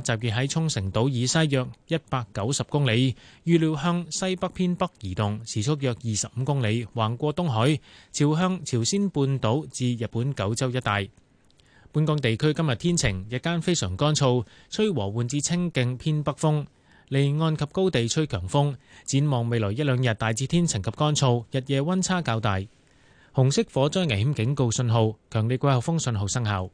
集結喺沖繩島以西約一百九十公里，預料向西北偏北移動，時速約二十五公里，橫過東海，朝向朝鮮半島至日本九州一帶。本港地區今日天晴，日間非常乾燥，吹和緩至清勁偏北風，離岸及高地吹強風。展望未來一兩日，大致天晴及乾燥，日夜溫差較大。紅色火災危險警告信號、強烈季候風信號生效。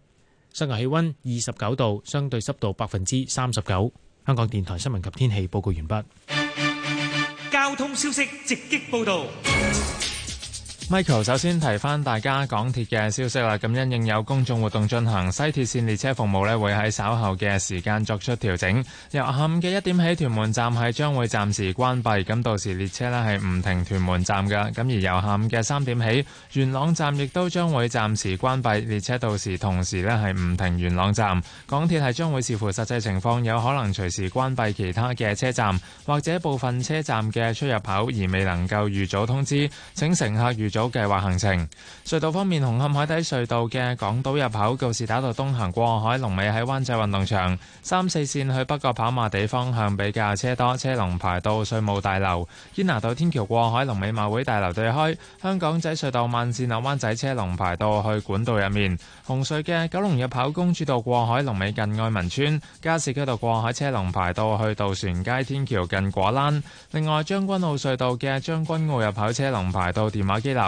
室外氣溫二十九度，相對濕度百分之三十九。香港電台新聞及天氣報告完畢。交通消息直擊報道。Michael 首先提返大家港鐵嘅消息啦。咁因應有公眾活動進行，西鐵線列車服務呢會喺稍後嘅時間作出調整。由下午嘅一點起，屯門站係將會暫時關閉，咁到時列車呢係唔停屯門站㗎。咁而由下午嘅三點起，元朗站亦都將會暫時關閉，列車到時同時呢係唔停元朗站。港鐵係將會視乎實際情況，有可能隨時關閉其他嘅車站或者部分車站嘅出入口，而未能夠預早通知，請乘客預組計劃行程。隧道方面，紅磡海底隧道嘅港島入口告士打道東行過海，龍尾喺灣仔運動場；三四線去北角跑馬地方向比較車多，車龍排到稅務大樓。堅拿道天橋過海，龍尾馬會大樓對開。香港仔隧道慢線落灣仔車龍排到去管道入面。紅隧嘅九龍入口公主道過海，龍尾近愛民村。加士居道過海，車龍排到去渡船街天橋近果欄。另外，將軍澳隧道嘅將軍澳入口車龍排到電話機樓。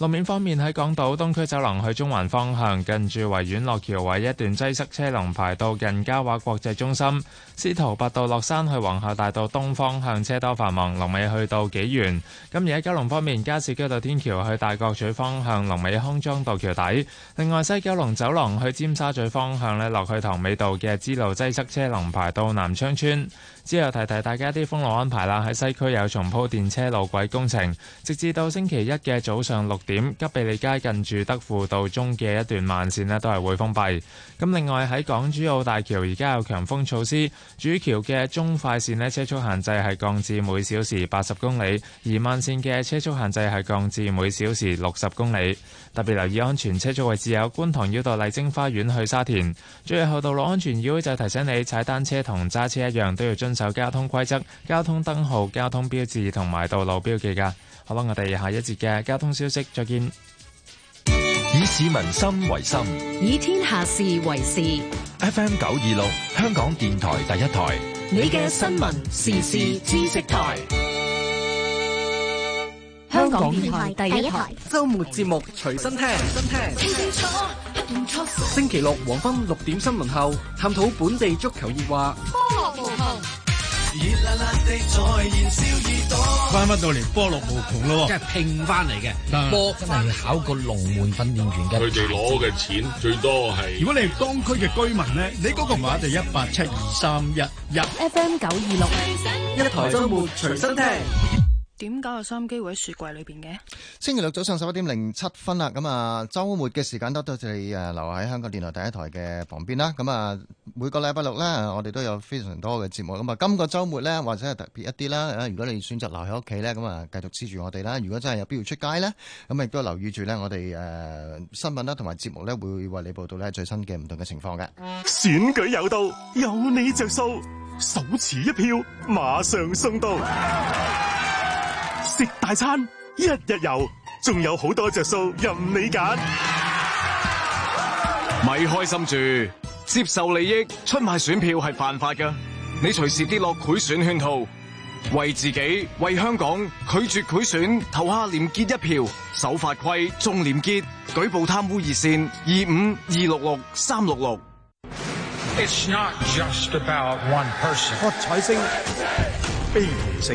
路面方面喺港島東區走廊去中環方向，近住維園落橋位一段擠塞車龍排到近嘉華國際中心；司徒拔道落山去皇后大道東方向車多繁忙，龍尾去到紀元。咁而喺九龍方面，加士居道天橋去大角咀方向龍尾康莊道橋底；另外西九龍走廊去尖沙咀方向呢，落去塘尾道嘅支路擠塞車龍排到南昌村。之後提提大家啲封路安排啦，喺西區有重鋪電車路軌工程，直至到星期一嘅早上六點。點急庇利街近住德輔道中嘅一段慢線咧，都係會封閉。咁另外喺港珠澳大橋而家有強風措施，主橋嘅中快線咧車速限制係降至每小時八十公里，而慢線嘅車速限制係降至每小時六十公里。特別留意安全車速位置有觀塘繞道麗晶花園去沙田。最後道路安全議會就提醒你，踩單車同揸車一樣都要遵守交通規則、交通燈號、交通標誌同埋道路標記㗎。好啦，我哋下一節嘅交通消息再見。以市民心為心，以天下事為事。FM 九二六，香港電台第一台。你嘅新聞時事知識台，香港電台第一台。周末節目隨身聽，隨身聽。星期六黃昏六點新聞後，探討本地足球熱話。熱爛爛地再燃燒耳朵，翻翻到嚟波落無窮咯，即係拼翻嚟嘅波，真係要考個龍門訓練員嘅。佢哋攞嘅錢最多係。如果你係當區嘅居民咧，你嗰個碼就一八七二三一入 F M 九二六，嗯嗯嗯、一台周末隨身聽。點解有收音機會喺雪櫃裏邊嘅？星期六早上十一點零七分啦，咁啊，周末嘅時間都多得你誒，留喺香港電台第一台嘅旁邊啦。咁啊，每個禮拜六咧，我哋都有非常多嘅節目。咁啊，今個周末咧，或者係特別一啲啦。啊，如果你選擇留喺屋企咧，咁啊，繼續黐住我哋啦。如果真係有必要出街咧，咁亦都留意住咧，我哋誒新聞啦，同埋節目咧，會為你報道咧最新嘅唔同嘅情況嘅。選舉有到，有你着數，手持一票，馬上送到。食大餐一日遊，仲有好多着數任你揀。咪開心住，接受利益出賣選票係犯法噶。你隨時跌落賄選圈套，為自己為香港拒絕賄選，投下廉潔一票，守法規，重廉潔，舉報貪污熱線二五二六六三六六。我、哦、彩星。哎星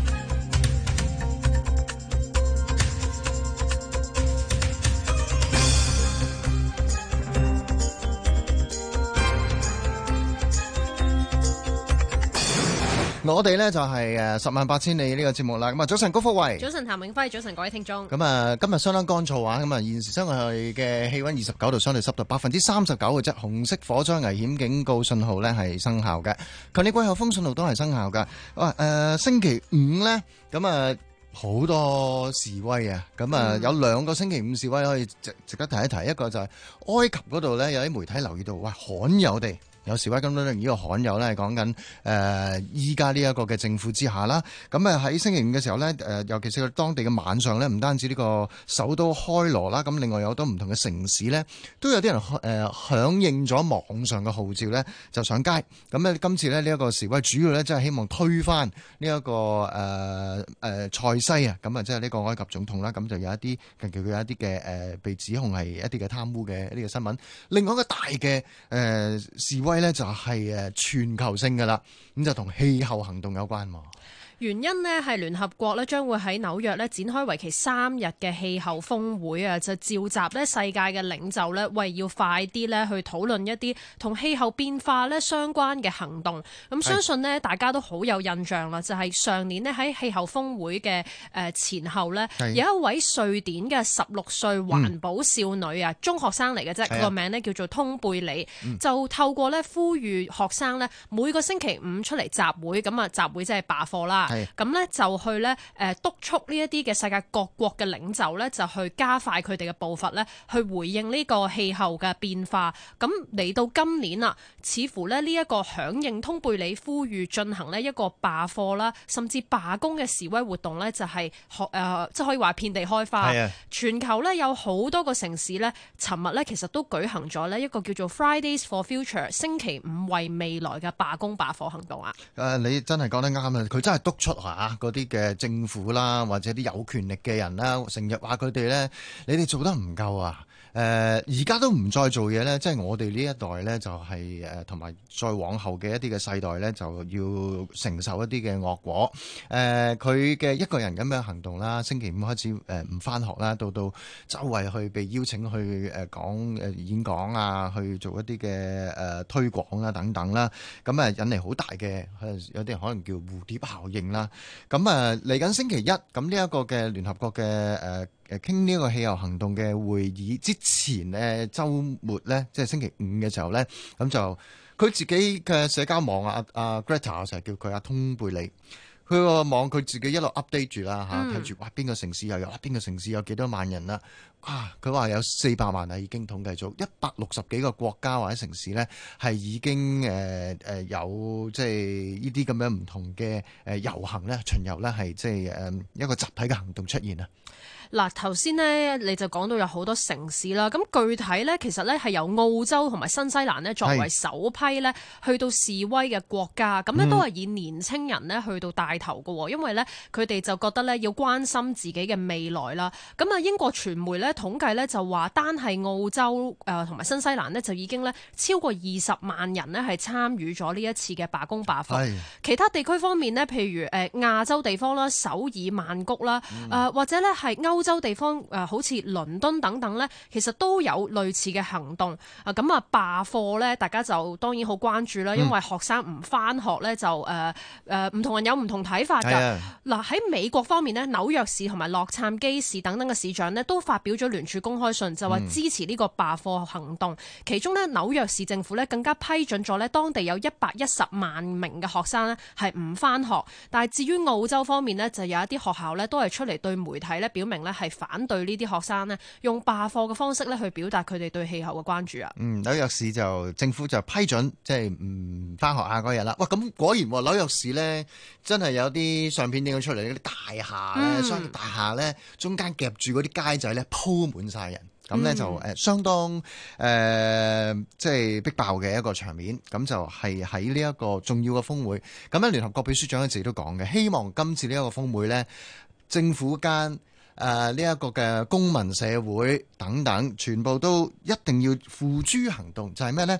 我哋咧就係誒十萬八千里呢個節目啦，咁啊早晨高福慧，早晨譚永輝，早晨各位聽眾。咁啊今日相當乾燥啊，咁啊現時室外嘅氣溫二十九度，相對濕度百分之三十九嘅啫，紅色火災危險警告信號咧係生效嘅，強烈季候風信號都係生效嘅。喂誒星期五咧，咁啊好多示威啊，咁啊有兩個星期五示威可以值值得提一提，一個就係埃及嗰度咧有啲媒體留意到喂，罕有地。有示威咁多呢？呢個罕有咧，講緊誒依家呢一個嘅政府之下啦，咁啊喺星期五嘅時候咧，誒尤其是佢當地嘅晚上咧，唔單止呢個首都開羅啦，咁另外有好多唔同嘅城市咧，都有啲人誒響應咗網上嘅號召咧，就上街。咁咧，今次咧呢一個示威主要咧，即係希望推翻呢、這、一個誒誒、呃呃、塞西啊，咁啊，即係呢個埃及總統啦。咁就有一啲近期佢有一啲嘅誒被指控係一啲嘅貪污嘅呢個新聞。另外一個大嘅誒示威。咧就係誒全球性噶啦，咁就同氣候行動有關喎。原因呢，係聯合國呢將會喺紐約呢展開為期三日嘅氣候峰會啊，就召集呢世界嘅領袖呢，為要快啲呢去討論一啲同氣候變化呢相關嘅行動。咁是相信呢大家都好有印象啦，就係、是、上年呢喺氣候峰會嘅誒前後呢，是有一位瑞典嘅十六歲環保少女啊，嗯、中學生嚟嘅啫，佢個名呢叫做通貝里，嗯、就透過呢呼籲學生呢每個星期五出嚟集會，咁啊集會即係罷課啦。咁呢就去呢誒督促呢一啲嘅世界各國嘅領袖呢就去加快佢哋嘅步伐呢去回應呢個氣候嘅變化。咁嚟到今年啊，似乎呢呢一個響應通貝里呼籲進行呢一個罷課啦，甚至罷工嘅示威活動呢就係誒即係可以話遍地開花。是的 全球呢有好多個城市呢尋日呢其實都舉行咗呢一個叫做 Fridays for Future 星期五為未來嘅罷工罷課行動啊。誒，你真係講得啱啊！佢真係督。出下嗰啲嘅政府啦，或者啲有權力嘅人啦，成日話佢哋咧，你哋做得唔夠啊！誒而家都唔再做嘢咧，即係我哋呢一代咧，就係誒同埋再往後嘅一啲嘅世代咧，就要承受一啲嘅惡果。誒佢嘅一個人咁樣行動啦，星期五開始誒唔翻學啦，到到周圍去被邀請去誒講誒演講啊，去做一啲嘅誒推廣啊等等啦，咁啊引嚟好大嘅、呃、有啲可能叫蝴蝶效應。啦，咁啊，嚟緊星期一，咁呢一個嘅聯合國嘅誒誒，傾呢個氣候行動嘅會議之前咧，周末咧，即係星期五嘅時候咧，咁就佢自己嘅社交網啊，阿 Greta 成日叫佢阿通貝里。佢個網佢自己一路 update 住啦吓，睇、啊、住哇邊個城市又有，邊個城市有幾多萬人啦？啊，佢話有四百萬啊，萬已經統計咗一百六十幾個國家或者城市咧，係已經誒誒、呃呃、有即係呢啲咁樣唔同嘅誒遊行咧、巡遊咧，係即係誒、呃、一個集體嘅行動出現啊！嗱，頭先咧你就講到有好多城市啦，咁具體咧其實咧係由澳洲同埋新西蘭咧作為首批咧去到示威嘅國家，咁咧是都係以年青人咧去到帶頭嘅、嗯、因為咧佢哋就覺得咧要關心自己嘅未來啦。咁啊英國傳媒咧統計咧就話單係澳洲誒同埋新西蘭咧就已經咧超過二十萬人咧係參與咗呢一次嘅罷工罷課是。其他地區方面咧，譬如誒亞洲地方啦，首爾曼谷啦，誒、嗯、或者咧係歐。歐洲地方誒、呃，好似倫敦等等咧，其實都有類似嘅行動啊。咁啊，罷課咧，大家就當然好關注啦。因為學生唔返學咧，就誒誒、唔、呃呃、同人有唔同睇法噶。嗱、嗯、喺、啊、美國方面呢，紐約市同埋洛杉磯市等等嘅市長呢，都發表咗聯署公開信，就話支持呢個罷課行動。其中呢，紐約市政府呢，更加批准咗呢當地有一百一十萬名嘅學生呢，係唔返學。但係至於澳洲方面呢，就有一啲學校呢，都係出嚟對媒體咧表明咧。係反對呢啲學生呢，用罷課嘅方式咧去表達佢哋對氣候嘅關注啊。嗯，紐約市就政府就批准，即係唔翻學下嗰日啦。哇，咁果然紐約市呢真係有啲相片影咗出嚟，啲、嗯、大廈咧，商業大廈咧，中間夾住嗰啲街仔咧，鋪滿晒人，咁呢、嗯、就誒相當誒、呃、即係逼爆嘅一個場面。咁就係喺呢一個重要嘅峰會。咁樣聯合國秘書長一直都講嘅，希望今次呢一個峰會呢，政府間。誒，呢一、呃，這個嘅公民社會等等，全部都一定要付諸行動。就係、是、咩呢？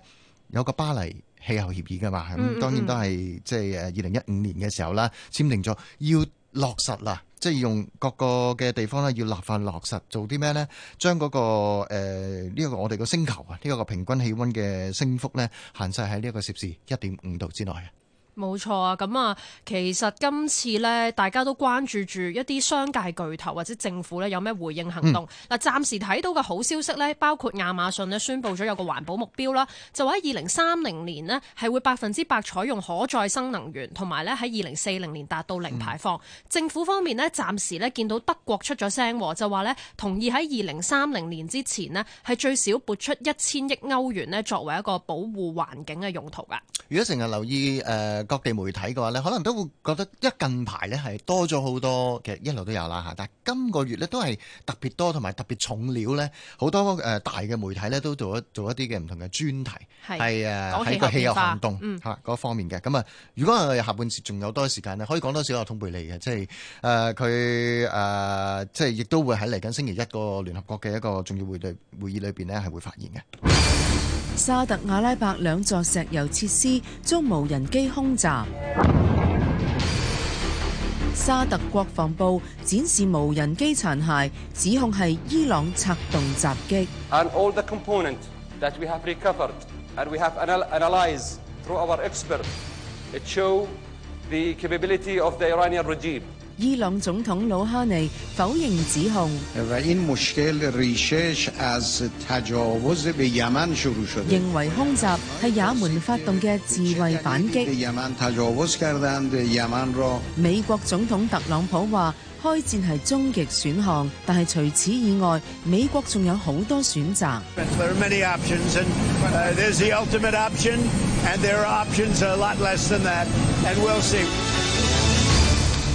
有個巴黎氣候協議噶嘛，咁、嗯嗯、當然都係即係二零一五年嘅時候啦，簽訂咗要落實啦，即係用各個嘅地方咧，要立法落實做啲咩呢？將嗰、那個誒呢一個我哋個星球啊，呢、這、一個平均氣溫嘅升幅呢，限制喺呢一個攝氏一點五度之內。冇錯啊，咁啊，其實今次呢，大家都關注住一啲商界巨頭或者政府呢有咩回應行動。嗱、嗯，暫時睇到嘅好消息呢，包括亞馬遜呢宣布咗有個環保目標啦，就喺二零三零年呢係會百分之百採用可再生能源，同埋呢喺二零四零年達到零排放。嗯、政府方面呢，暫時呢見到德國出咗聲，就話呢同意喺二零三零年之前呢係最少撥出一千億歐元呢作為一個保護環境嘅用途㗎。如果成日留意誒。呃各地媒體嘅話咧，可能都會覺得近一近排咧係多咗好多嘅，一路都有啦嚇。但係今個月咧都係特別多，同埋特別重料咧，好多誒、呃、大嘅媒體咧都做，做一做一啲嘅唔同嘅專題，係誒喺個氣候行動嚇嗰、嗯、方面嘅。咁啊，如果下半時仲有多時間咧，可以講多少阿通貝利嘅，即係誒佢誒，即係亦都會喺嚟緊星期一個聯合國嘅一個重要會對會議裏邊咧係會發言嘅。沙特阿拉伯兩座石油設施遭無人機轟炸。沙特國防部展示無人機殘骸，指控係伊朗策動襲擊。伊朗總統魯哈尼否認指控，認為空襲係也門發動嘅自衛反擊。美國總統特朗普話：開戰係終極選項，但係除此以外，美國仲有好多選擇。There are many options, and there's the ultimate option, and there are options a lot less than that, and we'll see.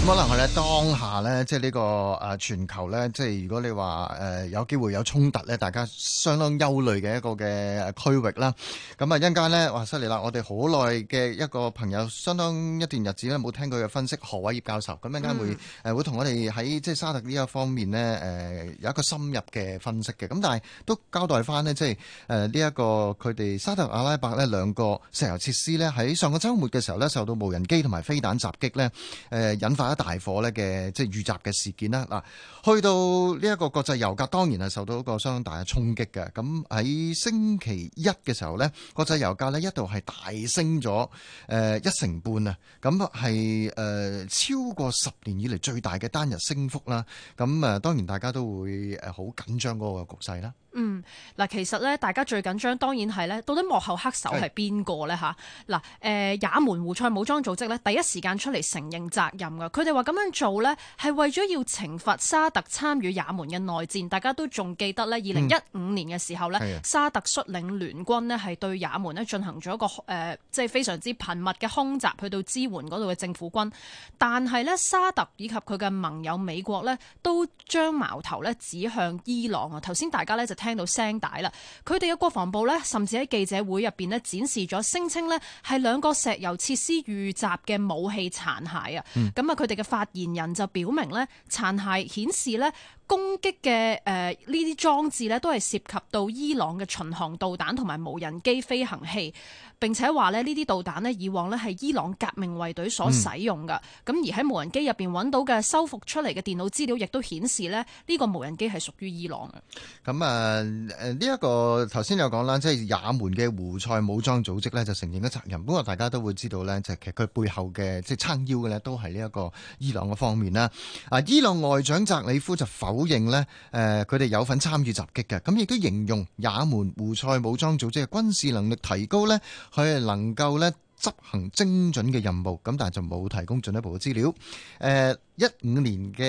可能係咧，當下咧，即係、這、呢個誒、啊、全球咧，即係如果你話誒、呃、有機會有衝突咧，大家相當憂慮嘅一個嘅誒區域啦。咁啊，一陣間咧，哇！犀利啦，我哋好耐嘅一個朋友，相當一段日子咧，冇聽佢嘅分析。何偉業教授，咁一陣間會誒、嗯、會同、呃、我哋喺即係沙特呢一方面咧，誒、呃、有一個深入嘅分析嘅。咁但係都交代返咧，即係誒呢一個佢哋沙特阿拉伯咧兩個石油設施咧，喺上個周末嘅時候咧，受到無人機同埋飛彈襲擊咧，誒、呃、引發。大火咧嘅即係遇襲嘅事件啦，嗱，去到呢一個國際油價當然係受到一個相當大嘅衝擊嘅，咁喺星期一嘅時候咧，國際油價咧一度係大升咗誒、呃、一成半啊，咁係誒超過十年以嚟最大嘅單日升幅啦，咁誒當然大家都會誒好緊張嗰個局勢啦。嗯，嗱，其實咧，大家最緊張當然係咧，到底幕後黑手係邊個咧？吓，嗱是的、嗯，誒也門胡塞武裝組織咧，第一時間出嚟承認責任㗎。佢哋話咁樣做咧，係為咗要懲罰沙特參與也門嘅內戰，大家都仲記得咧，二零一五年嘅時候咧，是的 沙特率領聯軍咧，係對也門咧進行咗一個誒，即係非常之頻密嘅空襲，去到支援嗰度嘅政府軍，但係咧，沙特以及佢嘅盟友美國咧，都將矛頭咧指向伊朗啊！頭先大家咧就聽聽到聲帶啦！佢哋嘅國防部咧，甚至喺記者會入邊咧展示咗，聲稱咧係兩個石油設施遇襲嘅武器殘骸啊！咁啊、嗯，佢哋嘅發言人就表明咧，殘骸顯示咧，攻擊嘅誒呢啲裝置咧，都係涉及到伊朗嘅巡航導彈同埋無人機飛行器。並且話咧，呢啲導彈咧以往咧係伊朗革命衛隊所使用嘅。咁、嗯、而喺無人機入邊揾到嘅修復出嚟嘅電腦資料，亦都顯示咧呢個無人機係屬於伊朗嘅。咁啊誒呢一個頭先有講啦，即係也門嘅胡塞武裝組織咧就承認咗責任。不過大家都會知道呢就係、其實佢背後嘅即係撐腰嘅呢，都係呢一個伊朗嘅方面啦。啊，伊朗外長澤里夫就否。否認呢，誒，佢哋有份參與襲擊嘅，咁亦都形容也門胡塞武裝組織嘅軍事能力提高呢，佢係能夠呢執行精準嘅任務，咁但係就冇提供進一步嘅資料。誒，一五年嘅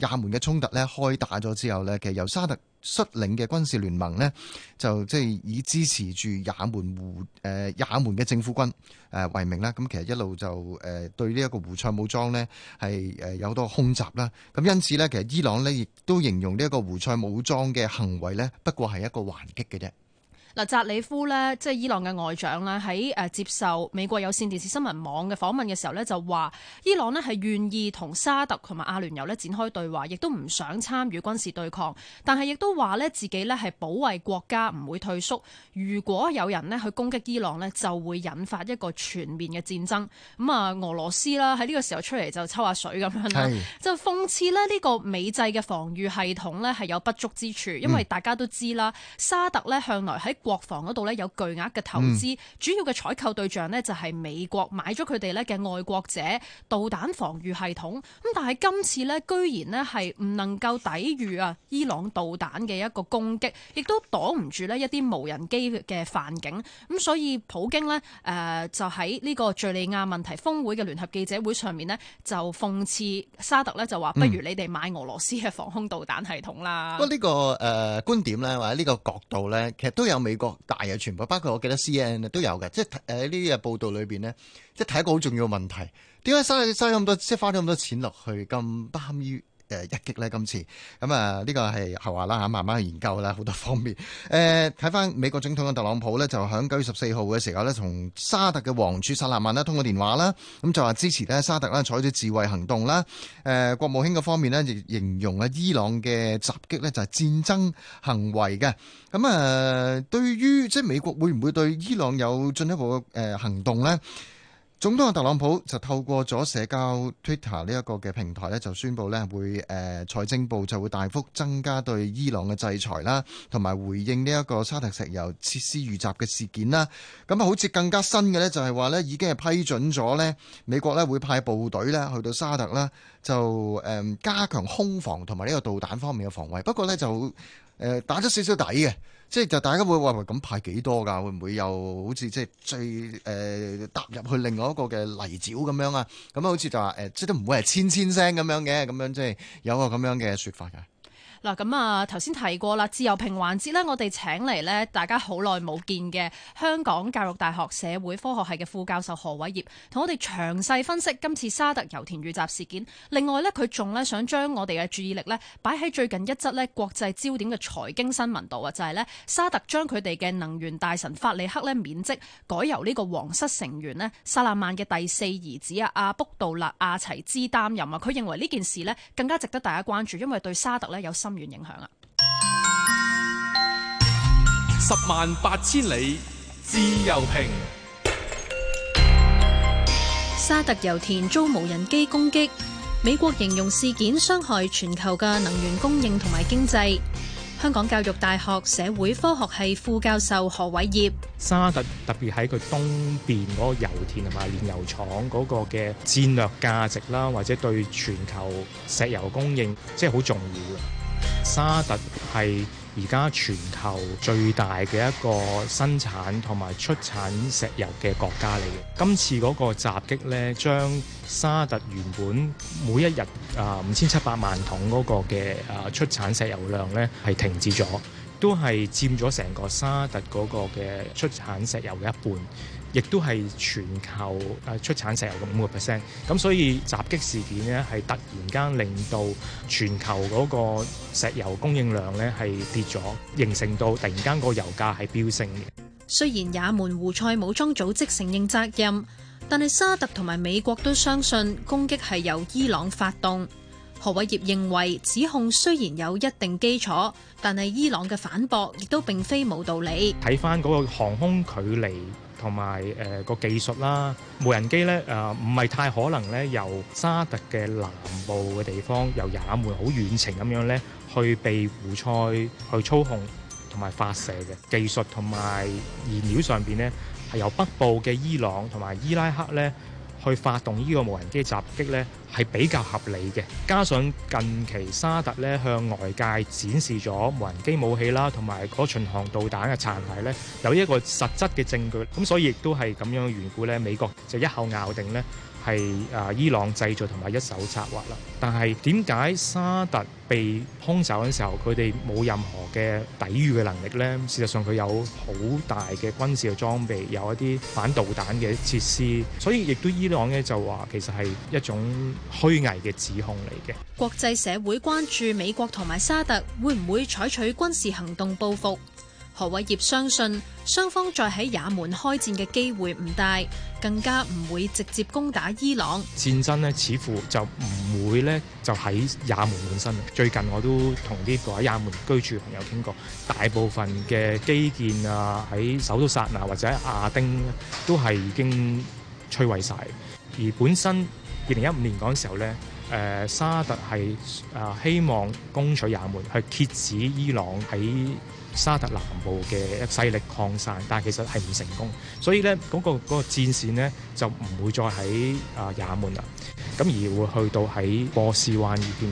也門嘅衝突呢，開打咗之後呢，其實由沙特率領嘅軍事聯盟呢，就即係以支持住也門胡誒也門嘅政府軍誒為名啦。咁其實一路就誒對呢一個胡塞武裝呢係誒有好多空襲啦。咁因此呢，其實伊朗呢亦都形容呢一個胡塞武裝嘅行為呢，不過係一個還擊嘅啫。嗱，扎里夫咧，即係伊朗嘅外長啦，喺誒接受美國有線電視新聞網嘅訪問嘅時候咧，就話伊朗咧係願意同沙特同埋阿聯酋咧展開對話，亦都唔想參與軍事對抗，但係亦都話咧自己咧係保衛國家唔會退縮，如果有人咧去攻擊伊朗咧，就會引發一個全面嘅戰爭。咁啊，俄羅斯啦喺呢個時候出嚟就抽下水咁樣，啦是，即係諷刺咧呢個美製嘅防禦系統咧係有不足之處，因為大家都知啦，沙特咧向來喺國防嗰度咧有巨額嘅投資，嗯、主要嘅採購對象咧就係美國買咗佢哋咧嘅愛國者導彈防禦系統。咁但係今次咧，居然咧係唔能夠抵禦啊伊朗導彈嘅一個攻擊，亦都擋唔住咧一啲無人機嘅犯境。咁所以普京呢誒、呃、就喺呢個敍利亞問題峰會嘅聯合記者會上面呢，就諷刺沙特呢就話：嗯、不如你哋買俄羅斯嘅防空導彈系統啦。不過呢個誒、呃、觀點咧，或者呢個角度呢，其實都有。美國大嘢，全部包括我記得 CNN 都有嘅，即係誒呢啲嘅報道裏邊咧，即係睇一個好重要嘅問題，點解收嘥咁多，即係花咗咁多錢落去咁貪於？誒、呃、一擊呢，今次咁啊，呢個係後話啦嚇，慢慢去研究啦，好多方面。誒，睇翻美國總統嘅特朗普呢，就喺九月十四號嘅時候呢，同沙特嘅王儲薩勒曼呢通咗電話啦，咁就話支持呢沙特呢採取自衛行動啦。誒、呃、國務卿嘅方面呢，亦形容啊伊朗嘅襲擊呢，就係戰爭行為嘅。咁、呃、啊，對於即係美國會唔會對伊朗有進一步嘅誒行動呢？總統嘅特朗普就透過咗社交 Twitter 呢一個嘅平台咧，就宣布咧會誒、呃、財政部就會大幅增加對伊朗嘅制裁啦，同埋回應呢一個沙特石油設施遇襲嘅事件啦。咁、嗯、啊，好似更加新嘅呢，就係話呢已經係批准咗呢美國咧會派部隊呢去到沙特啦，就誒、呃、加強空防同埋呢個導彈方面嘅防衛。不過呢，就誒、呃、打咗少少底嘅。即係就大家會話唔咁派幾多㗎？會唔會又好似即係最誒、呃、踏入去另外一個嘅泥沼咁樣啊？咁啊好似就話誒、呃，即都唔會係千千聲咁樣嘅，咁樣即係有個咁樣嘅説法嘅。嗱咁啊，頭先提過啦，自由評環節呢，我哋請嚟呢大家好耐冇見嘅香港教育大學社會科學系嘅副教授何偉業，同我哋詳細分析今次沙特油田遇襲事件。另外呢，佢仲呢想將我哋嘅注意力呢擺喺最近一則呢國際焦點嘅財經新聞度啊，就係呢沙特將佢哋嘅能源大臣法里克呢免職，改由呢個皇室成員呢——薩勒曼嘅第四兒子啊阿卜杜勒阿齊茲擔任啊。佢認為呢件事呢更加值得大家關注，因為對沙特呢有深遠影響啊！十萬八千里自由平沙特油田遭無人機攻擊，美國形容事件傷害全球嘅能源供應同埋經濟。香港教育大學社會科學系副教授何偉業：沙特特別喺佢東邊嗰個油田同埋煉油廠嗰個嘅戰略價值啦，或者對全球石油供應即係好重要嘅。沙特係而家全球最大嘅一個生產同埋出產石油嘅國家嚟嘅。今次嗰個襲擊呢，將沙特原本每一日、呃、5, 啊五千七百萬桶嗰個嘅啊出產石油量呢係停止咗，都係佔咗成個沙特嗰個嘅出產石油嘅一半。亦都係全球誒出產石油嘅五個 percent，咁所以襲擊事件呢，係突然間令到全球嗰個石油供應量呢，係跌咗，形成到突然間個油價係飆升嘅。雖然也門胡塞武裝組織承認責任，但係沙特同埋美國都相信攻擊係由伊朗發動。何偉業認為指控雖然有一定基礎，但係伊朗嘅反駁亦都並非冇道理。睇返嗰個航空距離。同埋誒個技術啦，無人機呢誒唔係太可能呢，由沙特嘅南部嘅地方，由也門好遠程咁樣呢去被胡塞去操控同埋發射嘅技術同埋燃料上面呢，係由北部嘅伊朗同埋伊拉克呢，去發動呢個無人機襲擊呢係比較合理嘅。加上近期沙特呢向外界展示咗無人機武器啦，同埋嗰巡航導彈嘅殘骸呢，有一個實質嘅證據。咁所以亦都係咁樣嘅緣故呢，美國就一口咬定呢。係啊！伊朗製造同埋一手策劃啦。但係點解沙特被空襲嘅時候，佢哋冇任何嘅抵禦嘅能力呢？事實上，佢有好大嘅軍事嘅裝備，有一啲反導彈嘅設施，所以亦都伊朗呢就話其實係一種虛偽嘅指控嚟嘅。國際社會關注美國同埋沙特會唔會採取軍事行動報復。何偉業相信雙方再喺也門開戰嘅機會唔大，更加唔會直接攻打伊朗。戰爭呢似乎就唔會咧，就喺也門本身。最近我都同呢個喺也門居住朋友傾過，大部分嘅基建啊喺首都薩那或者喺亞丁都係已經摧毀晒。而本身二零一五年嗰時候咧，誒，沙特係啊希望攻取也門，去遏止伊朗喺。沙特南部嘅一勢力擴散，但係其實係唔成功，所以咧、嗰、嗰個嗰、嗰個戰線咧就唔會再喺啊也門啦，咁而會去到喺波斯灣呢邊。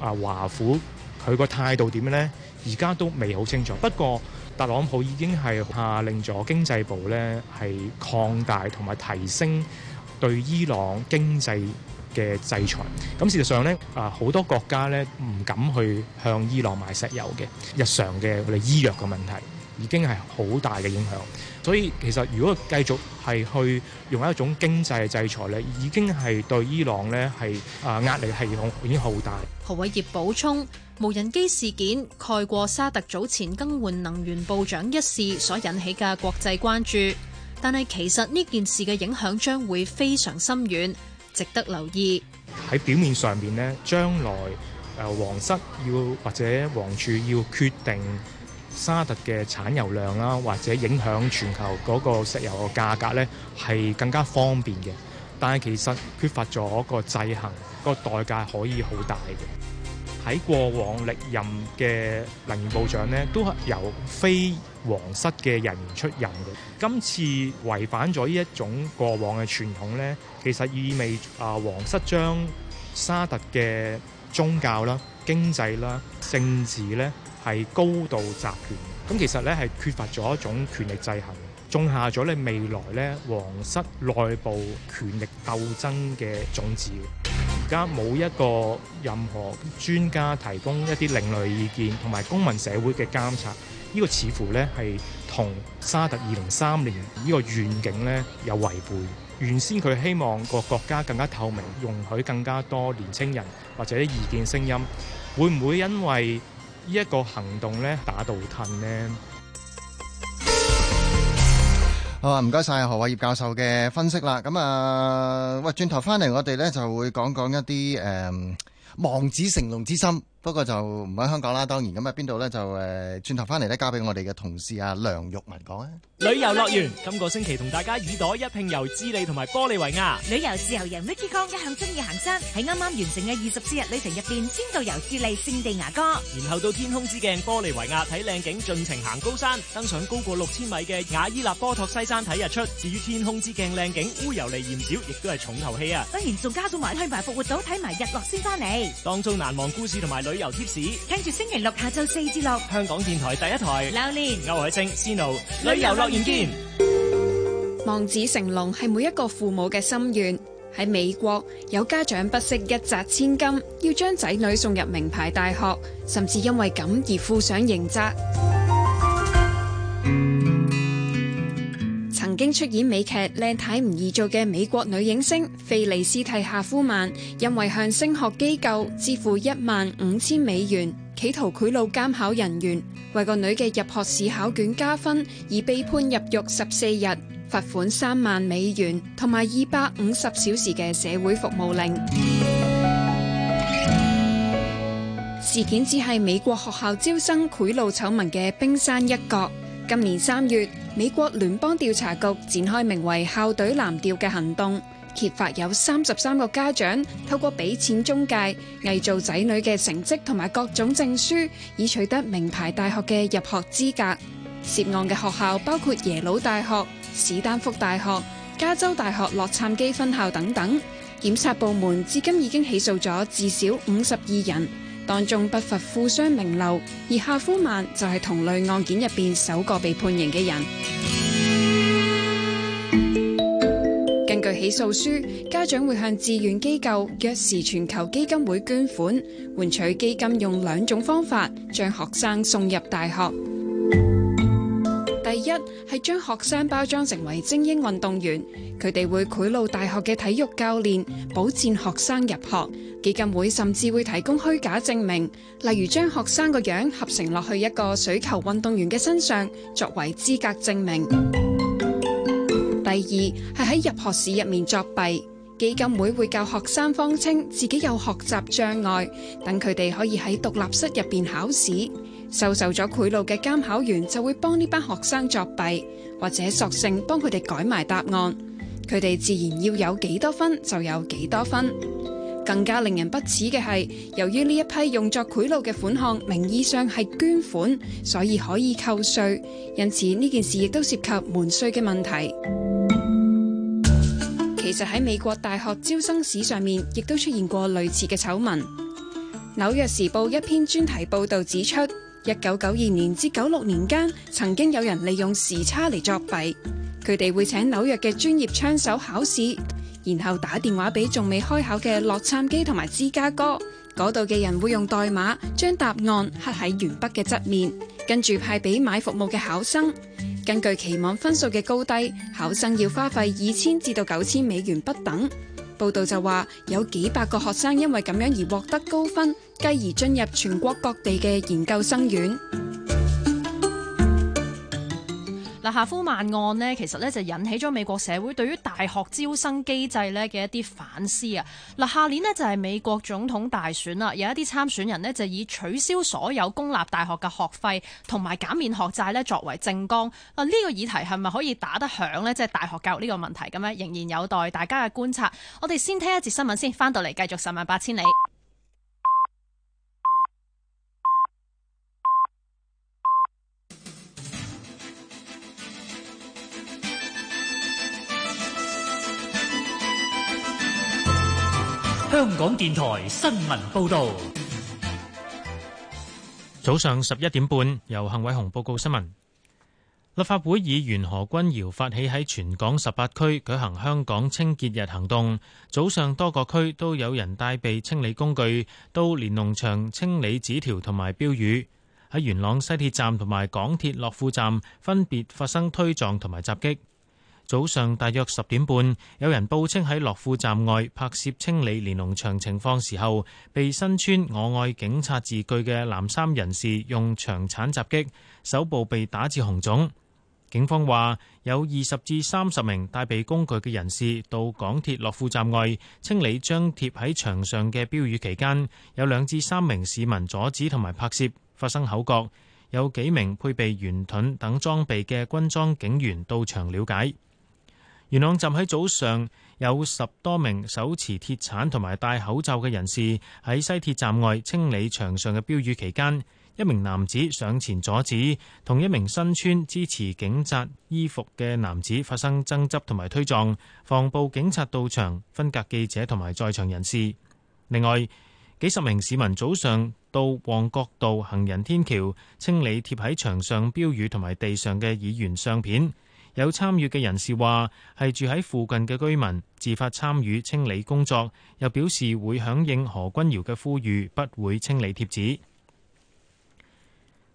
啊華府佢個態度點樣呢？而家都未好清楚。不過特朗普已經係下令咗經濟部咧係擴大同埋提升對伊朗經濟嘅制裁，咁事實上咧，啊好多國家咧唔敢去向伊朗買石油嘅日常嘅我哋醫藥嘅問題已經係好大嘅影響，所以其實如果繼續係去用一種經濟嘅制裁咧，已經係對伊朗咧係啊壓力系統已經好大。何偉業補充，無人機事件蓋過沙特早前更換能源部長一事所引起嘅國際關注，但係其實呢件事嘅影響將會非常深遠。值得留意喺表面上面咧，將來誒，王室要或者王儲要決定沙特嘅產油量啦，或者影響全球嗰個石油嘅價格咧，係更加方便嘅。但係其實缺乏咗個制衡，個代價可以好大嘅。喺過往歷任嘅能源部長咧，都係由非皇室嘅人員出任，嘅，今次違反咗呢一種過往嘅傳統呢，其實意味啊、呃、皇室將沙特嘅宗教啦、經濟啦、政治呢係高度集權，咁、嗯、其實呢係缺乏咗一種權力制衡，種下咗你未來呢皇室內部權力鬥爭嘅種子。而家冇一個任何專家提供一啲另類意見，同埋公民社會嘅監察。呢個似乎咧係同沙特二零三年個呢個願景咧有違背。原先佢希望個國家更加透明，容許更加多年青人或者異見聲音。會唔會因為呢一個行動咧打倒褪呢？呢好啊，唔該晒何偉業教授嘅分析啦。咁啊，喂、呃，轉頭翻嚟，我哋呢就會講講一啲誒望子成龍之心。不過就唔喺香港啦，當然咁啊，邊度咧就誒，轉頭翻嚟咧，交俾我哋嘅同事啊梁玉文講啊。旅遊樂園今個星期同大家耳朵一拼遊智利同埋玻利維亞。旅遊自由人 Ricky Kong 一向中意行山，喺啱啱完成嘅二十四日旅程入邊，先到遊智利聖地牙哥，然後到天空之鏡玻利維亞睇靚景，盡情行高山，登上高過六千米嘅瓦伊納波托西山睇日出。至於天空之鏡靚景烏尤尼鹽沼，亦都係重頭戲啊！當然仲加咗埋去埋復活島睇埋日落先翻嚟，當中難忘故事同埋。旅遊貼士，聽住星期六下晝四至六，香港電台第一台，劉念年、歐海清、思奴，旅遊樂園見。望子成龍係每一個父母嘅心願。喺美國，有家長不惜一擲千金，要將仔女送入名牌大學，甚至因為咁而負上刑責。經出演美劇《靚太唔易做》嘅美國女影星菲莉斯蒂夏夫曼，因為向升學機構支付一萬五千美元，企圖賄賂監考人員為個女嘅入學試考卷加分，而被判入獄十四日、罰款三萬美元同埋二百五十小時嘅社會服務令。 事件只係美國學校招生賄賂醜聞嘅冰山一角。今年三月，美國聯邦調查局展開名為校隊藍調嘅行動，揭發有三十三個家長透過俾錢中介偽造仔女嘅成績同埋各種證書，以取得名牌大學嘅入學資格。涉案嘅學校包括耶魯大學、史丹福大學、加州大學洛杉磯分校等等。檢察部門至今已經起訴咗至少五十二人。當中不乏富商名流，而夏夫曼就係同類案件入邊首個被判刑嘅人。根據起訴書，家長會向志願機構約時全球基金會捐款，換取基金用兩種方法將學生送入大學。第一，係將學生包裝成為精英運動員，佢哋會賄賂大學嘅體育教練，保薦學生入學。基金會甚至會提供虛假證明，例如將學生個樣合成落去一個水球運動員嘅身上，作為資格證明。第二，係喺入學試入面作弊。基金會會教學生謊稱自己有學習障礙，等佢哋可以喺獨立室入邊考試。收受咗賄賂嘅監考員就會幫呢班學生作弊，或者索性幫佢哋改埋答案。佢哋自然要有幾多分就有幾多分。更加令人不齒嘅係，由於呢一批用作賄賂嘅款項名義上係捐款，所以可以扣稅。因此呢件事亦都涉及瞞稅嘅問題。其實喺美國大學招生史上面，亦都出現過類似嘅醜聞。紐約時報一篇專題報道指出，一九九二年至九六年間，曾經有人利用時差嚟作弊。佢哋會請紐約嘅專業槍手考試，然後打電話俾仲未開考嘅洛杉磯同埋芝加哥。嗰度嘅人會用代碼將答案刻喺鉛筆嘅側面，跟住派俾買服務嘅考生。根據期望分數嘅高低，考生要花費二千至到九千美元不等。報道就話，有幾百個學生因為咁樣而獲得高分，繼而進入全國各地嘅研究生院。嗱，夏夫曼案呢，其實咧就引起咗美國社會對於大學招生機制咧嘅一啲反思啊！嗱，下年呢就係美國總統大選啦，有一啲參選人呢就以取消所有公立大學嘅學費同埋減免學債咧作為政綱啊！呢個議題係咪可以打得響呢？即係大學教育呢個問題咁咧，仍然有待大家嘅觀察。我哋先聽一節新聞先，翻到嚟繼續十萬八千里。香港電台新聞報道，早上十一點半，由幸偉雄報告新聞。立法會議員何君堯發起喺全港十八區舉行香港清潔日行動。早上多個區都有人帶備清理工具到連儂牆清理紙條同埋標語。喺元朗西鐵站同埋港鐵樂富站分別發生推撞同埋襲擊。早上大約十點半，有人報稱喺樂富站外拍攝清理連儂牆情況時候，被身穿我愛警察字句嘅藍衫人士用長鏟襲擊，手部被打至紅腫。警方話有二十至三十名帶備工具嘅人士到港鐵樂富站外清理張貼喺牆上嘅標語期間，有兩至三名市民阻止同埋拍攝，發生口角。有幾名配備圓盾等裝備嘅軍裝警員到場了解。元朗站喺早上有十多名手持鐵鏟同埋戴口罩嘅人士喺西鐵站外清理牆上嘅標語期間，一名男子上前阻止，同一名身穿支持警察衣服嘅男子發生爭執同埋推撞，防暴警察到場分隔記者同埋在場人士。另外，幾十名市民早上到旺角道行人天橋清理貼喺牆上標語同埋地上嘅議員相片。有參與嘅人士話：係住喺附近嘅居民自發參與清理工作，又表示會響應何君堯嘅呼籲，不會清理貼紙。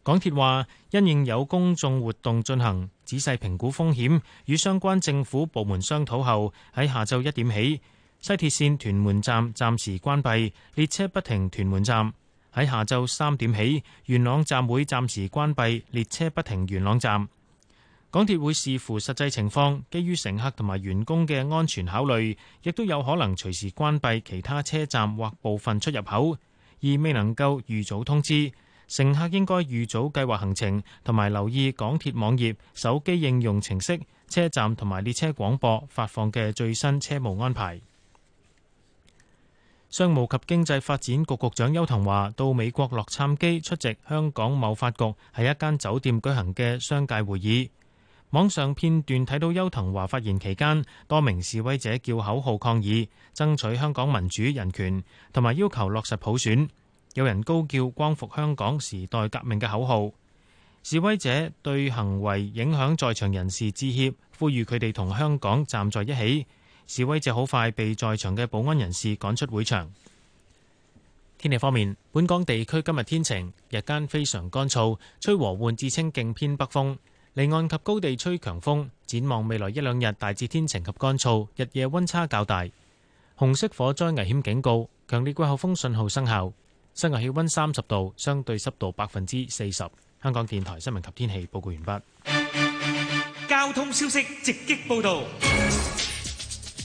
港鐵話：因應有公眾活動進行，仔細評估風險，與相關政府部門商討後，喺下晝一點起，西鐵線屯門站暫時關閉，列車不停屯門站；喺下晝三點起，元朗站會暫時關閉，列車不停元朗站。港鐵會視乎實際情況，基於乘客同埋員工嘅安全考慮，亦都有可能隨時關閉其他車站或部分出入口，而未能夠預早通知。乘客應該預早計劃行程，同埋留意港鐵網頁、手機應用程式、車站同埋列車廣播發放嘅最新車務安排。商務及經濟發展局局長邱騰華到美國洛杉磯出席香港貿發局喺一間酒店舉行嘅商界會議。網上片段睇到邱騰華發言期間，多名示威者叫口號抗議，爭取香港民主、人權，同埋要求落實普選。有人高叫光復香港、時代革命嘅口號。示威者對行為影響在場人士致歉，呼籲佢哋同香港站在一起。示威者好快被在場嘅保安人士趕出會場。天氣方面，本港地區今日天晴，日間非常乾燥，吹和緩至清勁偏北風。離岸及高地吹強風，展望未來一兩日大致天晴及乾燥，日夜温差較大。紅色火災危險警告，強烈季候風信號生效。室外氣温三十度，相對濕度百分之四十。香港電台新聞及天氣報告完畢。交通消息直擊報道。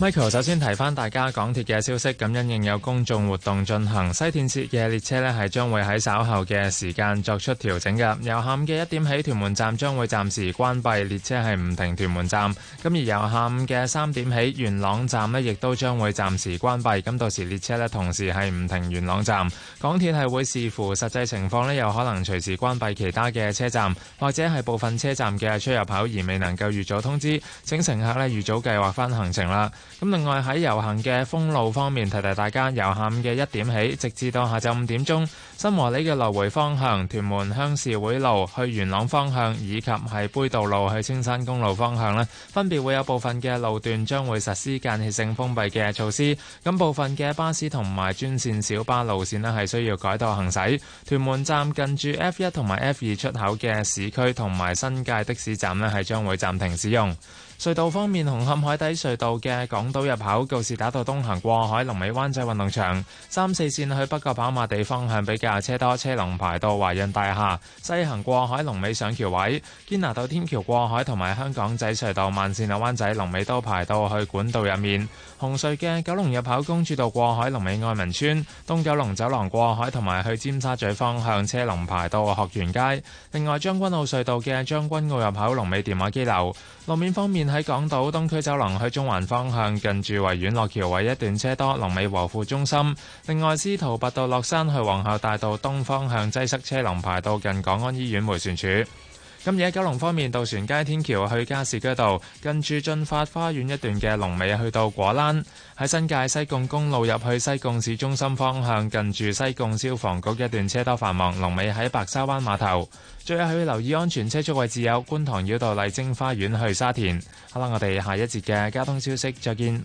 Michael 首先提翻大家港鐵嘅消息，咁因應有公眾活動進行，西鐵線嘅列車咧係將會喺稍後嘅時間作出調整嘅。由下午嘅一點起，屯門站將會暫時關閉，列車係唔停屯門站。咁而由下午嘅三點起，元朗站呢，亦都將會暫時關閉，咁到時列車呢，同時係唔停元朗站。港鐵係會視乎實際情況呢，有可能隨時關閉其他嘅車站或者係部分車站嘅出入口，而未能夠預早通知，請乘客呢預早計劃返行程啦。咁另外喺遊行嘅封路方面，提提大家由下午嘅一點起，直至到下晝五點鐘，新和里嘅來回方向、屯門鄉事會路去元朗方向，以及係杯渡路去青山公路方向呢，分別會有部分嘅路段將會實施間歇性封閉嘅措施。咁部分嘅巴士同埋專線小巴路線呢，係需要改道行駛。屯門站近住 F 一同埋 F 二出口嘅市區同埋新界的士站呢，係將會暫停使用。隧道方面，紅磡海底隧道嘅港島入口告士打道東行過海龍尾灣仔運動場，三四線去北角跑馬地方向比較車多，車龍排到華潤大廈；西行過海龍尾上橋位，堅拿道天橋過海同埋香港仔隧道慢線啊灣仔龍尾都排到去管道入面。紅隧嘅九龍入口公主道過海龍尾愛民村，東九龍走廊過海同埋去尖沙咀方向車龍排到學園街。另外將軍澳隧道嘅將軍澳入口龍尾電話機樓，路面方面。喺港島東區走廊去中環方向，近住維園落橋位一段車多，龍尾和富中心。另外，司徒拔道落山去皇后大道東方向擠塞，車龍排到近港安醫院回旋處。今日喺九龍方面，渡船街天橋去加士居道，近住駿發花園一段嘅龍尾去到果欄；喺新界西貢公路入，入去西貢市中心方向，近住西貢消防局一段車多繁忙，龍尾喺白沙灣碼頭。最後要留意安全車速位置有觀塘繞道麗晶花園去沙田。好啦，我哋下一節嘅交通消息，再見。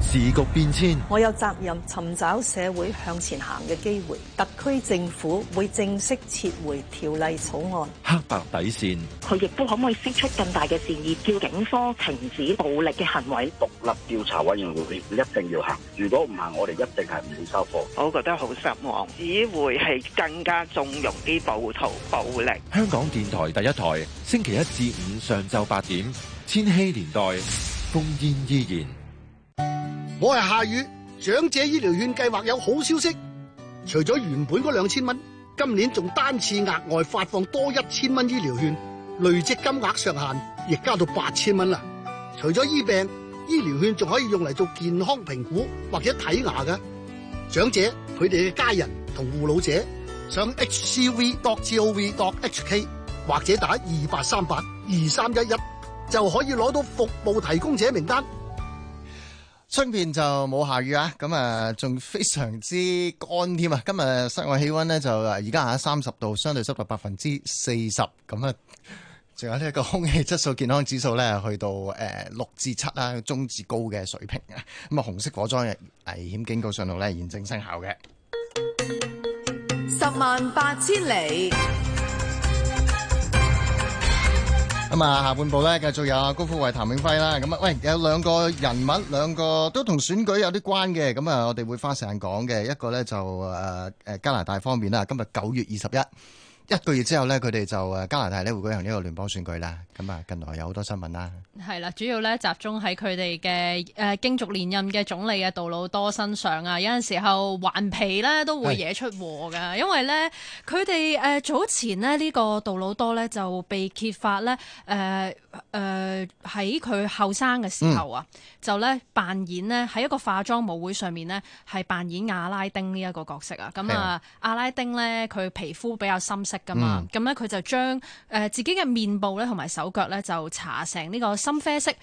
時局變遷，我有責任尋找社會向前行嘅機會。特區政府會正式撤回條例草案。黑白底線，佢亦都可唔可以釋出更大嘅善意，叫警方停止暴力嘅行為？獨立調查委員會一定要行，如果唔係我哋一定係唔會收貨。我覺得好失望，只會係更加縱容啲暴徒暴力。香港電台第一台，星期一至五上晝八點，《千禧年代》烽煙依然。我係夏雨。長者醫療券計劃有好消息，除咗原本嗰兩千蚊，今年仲單次額外發放多一千蚊醫療券，累積金額上限亦加到八千蚊啦。除咗醫病，醫療券仲可以用嚟做健康評估或者睇牙㗎。長者佢哋嘅家人同護老者上 HCV.gov.hk 或者打二八三八二三一一就可以攞到服務提供者名單。春邊就冇下雨啊，咁啊仲非常之乾添啊！今日室外氣溫咧就而家下三十度，相對濕度百分之四十，咁啊，仲有呢一個空氣質素健康指數咧去到誒六至七啊，中至高嘅水平啊！咁啊，紅色火災嘅危險警告訊號咧現正生效嘅，十萬八千里。咁啊，下半部咧，繼續有高富慧、譚永輝啦。咁啊，喂，有兩個人物，兩個都同選舉有啲關嘅。咁啊，我哋會花時間講嘅。一個咧就誒誒、呃、加拿大方面啦，今日九月二十一。一個月之後呢，佢哋就誒，加拿大呢會舉行呢個聯邦選舉啦。咁啊，近來有好多新聞啦。係啦，主要呢集中喺佢哋嘅誒競逐連任嘅總理嘅杜魯多身上啊。有陣時候頑皮呢都會惹出禍㗎。的因為呢佢哋誒早前呢，呢個杜魯多呢就被揭發呢。誒、呃。誒，喺佢後生嘅時候啊，嗯、就咧扮演咧喺一個化妝舞會上面咧，係扮演阿拉丁呢一個角色啊。咁啊，啊，阿拉丁呢，佢皮膚比較深色噶嘛，咁咧佢就將誒、呃、自己嘅面部咧同埋手腳咧就搽成呢個深啡色。咁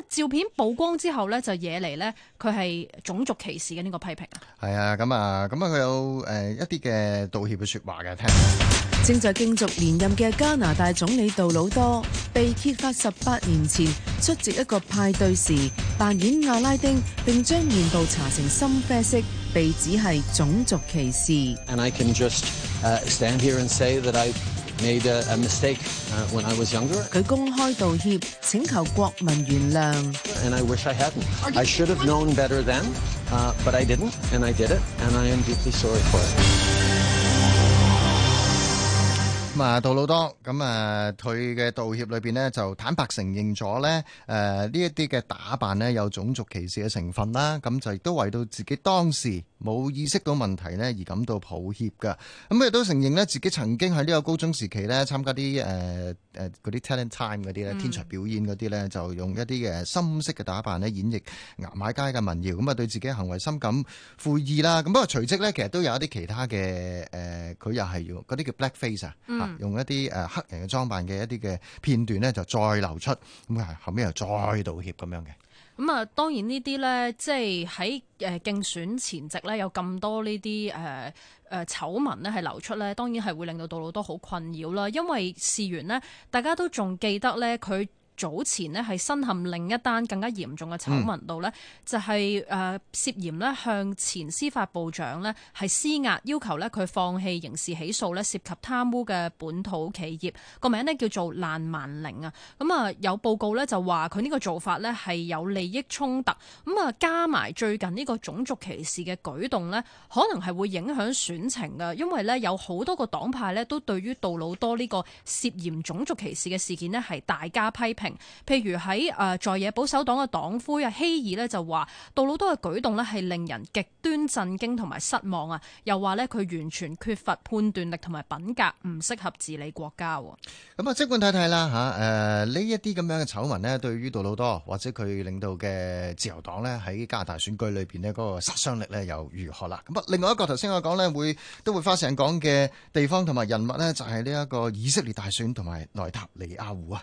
啊，照片曝光之後呢，就惹嚟呢，佢係種族歧視嘅呢個批評。係啊，咁啊，咁啊，佢有誒一啲嘅道歉嘅說話嘅聽。正在競逐連任嘅加拿大總理杜魯多被揭發。十八年前出席一個派對時，扮演阿拉丁，並將面部搽成深啡色，被指係種族歧視。佢公開道歉，請求國民原諒。咁啊，杜魯多咁啊，佢嘅道歉裏邊咧就坦白承認咗咧，誒呢一啲嘅打扮咧有種族歧視嘅成分啦，咁就亦都為到自己當時，冇意識到問題呢，而感到抱歉噶。咁佢都承認呢，自己曾經喺呢個高中時期呢，參加啲誒誒嗰、呃、啲 talent time 嗰啲咧，嗯、天才表演嗰啲呢，就用一啲嘅深色嘅打扮呢，演繹牙買加嘅民謠。咁啊，對自己行為深感悔意啦。咁不過隨即呢，其實都有一啲其他嘅誒，佢又係要嗰啲叫 black face 啊、嗯，用一啲誒黑人嘅裝扮嘅一啲嘅片段呢，就再流出。咁係後尾又再道歉咁樣嘅。咁啊、嗯，當然呢啲呢，即係喺誒競選前夕呢，有咁多呢啲誒誒醜聞呢係流出呢，當然係會令到道路都好困擾啦。因為事緣呢，大家都仲記得呢佢。早前呢，係身陷另一單更加嚴重嘅醜聞度呢就係誒涉嫌咧向前司法部長呢係施壓要求呢佢放棄刑事起訴呢涉及貪污嘅本土企業個名呢叫做蘭萬靈啊，咁啊有報告呢就話佢呢個做法呢係有利益衝突，咁啊加埋最近呢個種族歧視嘅舉動呢，可能係會影響選情嘅，因為呢，有好多個黨派呢都對於杜魯多呢個涉嫌種族歧視嘅事件呢係大加批評。譬如喺誒在野保守黨嘅黨魁啊希爾，呢就話杜魯多嘅舉動咧係令人極端震驚同埋失望啊，又話呢，佢完全缺乏判斷力同埋品格，唔適合治理國家。咁啊，即管睇睇啦嚇誒呢一啲咁樣嘅醜聞咧，對於杜魯多或者佢領導嘅自由黨呢喺加拿大選舉裏邊呢，嗰個殺傷力咧又如何啦？咁啊，另外一個頭先我講呢，會都會花成講嘅地方同埋人物呢，就係呢一個以色列大選同埋內塔尼亞胡啊。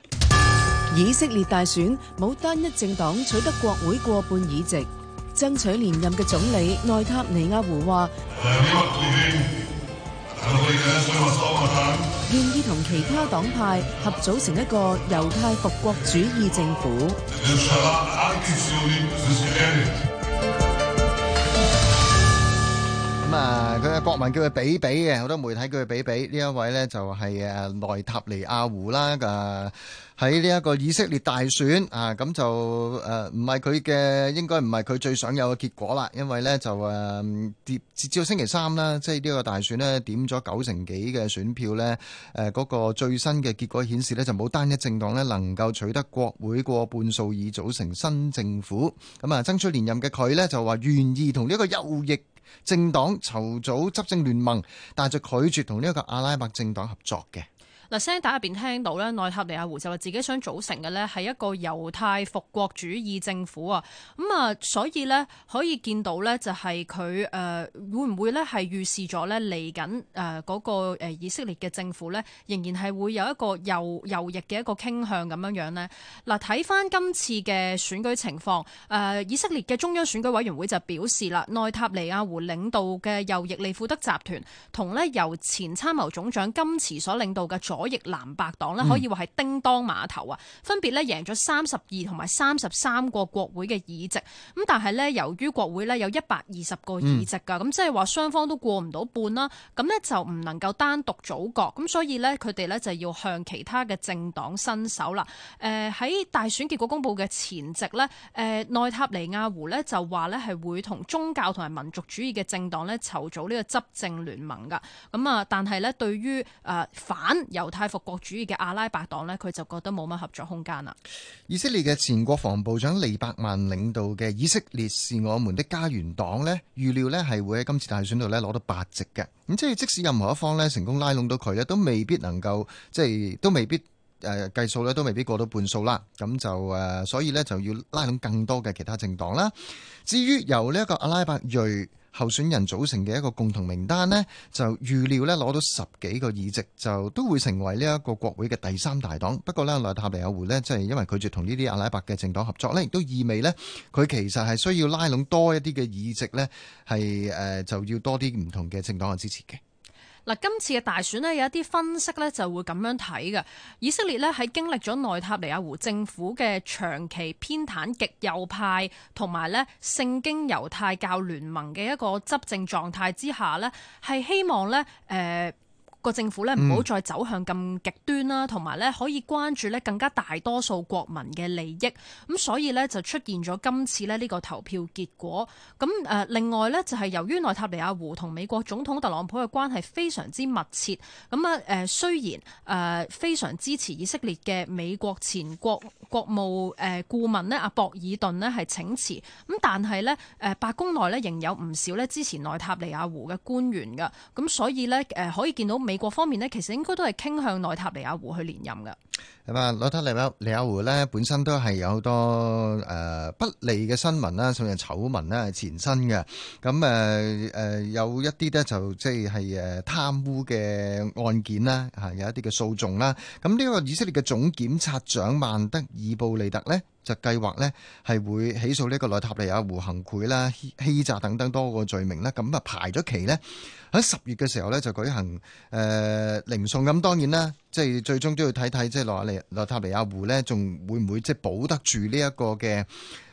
以色列大選冇單一政黨取得國會過半議席，爭取連任嘅總理內塔尼亞胡話，願意同其他黨派合組成一個猶太復國主義政府。咁啊，佢嘅、嗯、國民叫佢比比嘅，好多媒體叫佢比比。呢一位呢就係誒內塔尼亞胡啦，誒喺呢一個以色列大選啊，咁就誒唔係佢嘅，應該唔係佢最想有嘅結果啦。因為呢就誒跌截至星期三啦，即係呢個大選咧點咗九成幾嘅選票，呢誒嗰個最新嘅結果顯示，呢就冇單一政黨咧能夠取得國會過半數，以組成新政府。咁啊爭取連任嘅佢呢，就話願意同呢一個右翼。政黨籌組執政聯盟，但係就拒絕同呢一個阿拉伯政黨合作嘅。嗱，聲帶入邊聽到咧，內塔尼亞胡就話自己想組成嘅呢係一個猶太復國主義政府啊，咁、嗯、啊，所以呢可以見到呢就係佢誒會唔會呢係預示咗呢嚟緊誒嗰個以色列嘅政府呢，仍然係會有一個右右翼嘅一個傾向咁樣樣呢。嗱、呃，睇翻今次嘅選舉情況，誒、呃、以色列嘅中央選舉委員會就表示啦，內塔尼亞胡領導嘅右翼利庫德集團同呢由前參謀總長金池所領導嘅左左翼藍白黨咧可以話係叮噹馬頭啊，分別咧贏咗三十二同埋三十三個國會嘅議席，咁但係咧由於國會咧有一百二十個議席噶，咁即係話雙方都過唔到半啦，咁呢就唔能夠單獨組閣，咁所以呢，佢哋呢就要向其他嘅政黨伸手啦。誒、呃、喺大選結果公布嘅前夕呢，誒、呃、內塔尼亞胡呢就話呢係會同宗教同埋民族主義嘅政黨呢籌組呢個執政聯盟噶，咁啊但係呢對於誒、呃、反右。泰復國主義嘅阿拉伯黨呢，佢就覺得冇乜合作空間啦。以色列嘅前國防部長利伯曼領導嘅以色列是我們的家園黨呢，預料呢係會喺今次大選度咧攞到八席嘅。咁即係即使任何一方咧成功拉攏到佢咧，都未必能夠，即係都未必誒計數咧，都未必,、呃、都未必過到半數啦。咁就誒、呃，所以呢就要拉攏更多嘅其他政黨啦。至於由呢一個阿拉伯裔。候選人組成嘅一個共同名單呢，就預料呢攞到十幾個議席，就都會成為呢一個國會嘅第三大黨。不過呢，內塔尼亞胡呢，即係因為拒絕同呢啲阿拉伯嘅政黨合作呢，亦都意味呢，佢其實係需要拉攏多一啲嘅議席呢，係誒就要多啲唔同嘅政黨嘅支持嘅。嗱，今次嘅大選咧，有一啲分析咧就會咁樣睇嘅。以色列咧喺經歷咗內塔尼亞胡政府嘅長期偏袒極右派同埋咧聖經猶太教聯盟嘅一個執政狀態之下咧，係希望咧誒，呃個政府呢，唔好再走向咁極端啦，同埋呢可以關注呢更加大多數國民嘅利益。咁所以呢，就出現咗今次呢呢個投票結果。咁誒另外呢，就係由於內塔尼亞胡同美國總統特朗普嘅關係非常之密切。咁啊誒雖然誒非常支持以色列嘅美國前國國務誒顧問呢，阿博爾頓呢係請辭，咁但係呢，誒白宮內呢，仍有唔少呢支持內塔尼亞胡嘅官員㗎。咁所以呢，誒可以見到美國方面咧，其實應該都係傾向內塔尼亞胡去連任㗎。係嘛？內塔尼亞尼亞胡咧本身都係有好多誒不利嘅新聞啦，甚至係醜聞啦，係纏身嘅。咁誒誒有一啲咧就即係係誒貪污嘅案件啦，嚇有一啲嘅訴訟啦。咁、這、呢個以色列嘅總檢察長曼德爾布利特呢，就計劃呢係會起訴呢個內塔尼亞胡行賄啦、欺詐等等多個罪名啦。咁啊排咗期呢，喺十月嘅時候呢，就舉行誒聆訊。咁、呃、當然啦，即係最終都要睇睇即係內內塔尼亞胡咧，仲會唔會即係保得住呢一個嘅誒、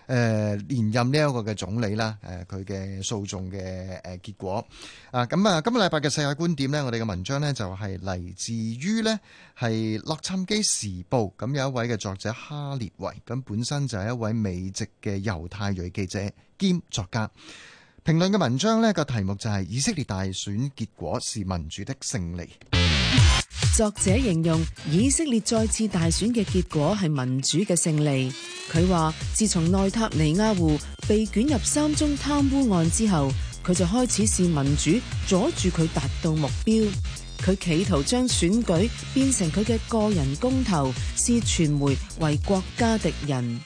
呃、連任呢一個嘅總理啦？誒、呃，佢嘅訴訟嘅誒結果啊，咁啊，今日禮拜嘅世界觀點咧，我哋嘅文章咧就係、是、嚟自於咧係《洛杉磯時報》，咁有一位嘅作者哈列維，咁本身就係一位美籍嘅猶太裔記者兼作家，評論嘅文章呢個題目就係、是、以色列大選結果是民主的勝利。作者形容以色列再次大選嘅結果係民主嘅勝利。佢話自從內塔尼亞胡被捲入三宗貪污案之後，佢就開始視民主阻住佢達到目標。佢企圖將選舉變成佢嘅個人公投，視傳媒為國家敵人。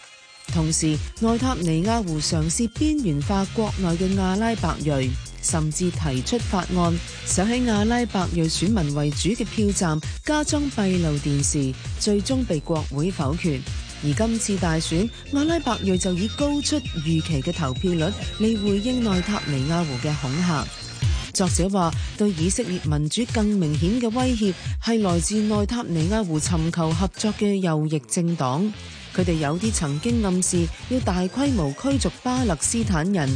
同時，內塔尼亞胡嘗試邊緣化國內嘅阿拉伯裔。甚至提出法案，想喺阿拉伯裔選民為主嘅票站加裝閉路電視，最終被國會否決。而今次大選，阿拉伯裔就以高出預期嘅投票率嚟回應內塔尼亞胡嘅恐嚇。作者話對以色列民主更明顯嘅威脅，係來自內塔尼亞胡尋求合作嘅右翼政黨，佢哋有啲曾經暗示要大規模驅逐巴勒斯坦人。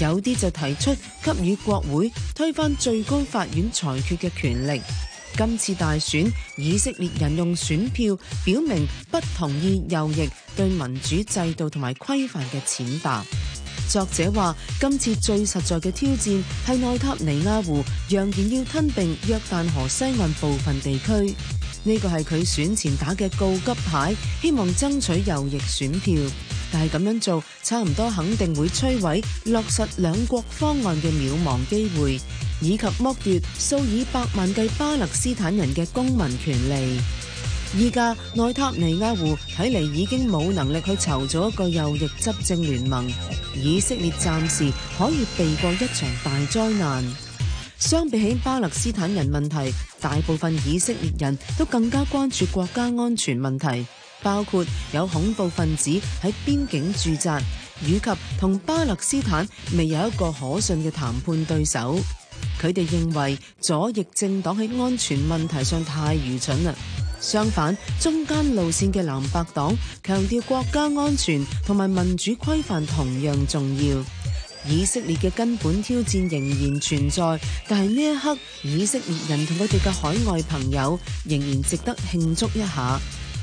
有啲就提出給予國會推翻最高法院裁決嘅權力。今次大選，以色列人用選票表明不同意右翼對民主制度同埋規範嘅踐踏。作者話：今次最實在嘅挑戰係內塔尼亞胡揚言要吞併約旦河西岸部分地區，呢個係佢選前打嘅告急牌，希望爭取右翼選票。但係咁樣做，差唔多肯定會摧毀落實兩國方案嘅渺茫機會，以及剝奪數以百萬計巴勒斯坦人嘅公民權利。依家內塔尼亞胡睇嚟已經冇能力去籌組一個右翼執政聯盟，以色列暫時可以避過一場大災難。相比起巴勒斯坦人問題，大部分以色列人都更加關注國家安全問題。包括有恐怖分子喺邊境駐紮，以及同巴勒斯坦未有一個可信嘅談判對手。佢哋認為左翼政黨喺安全問題上太愚蠢啦。相反，中間路線嘅藍白黨強調國家安全同埋民主規範同樣重要。以色列嘅根本挑戰仍然存在，但係呢一刻，以色列人同佢哋嘅海外朋友仍然值得慶祝一下。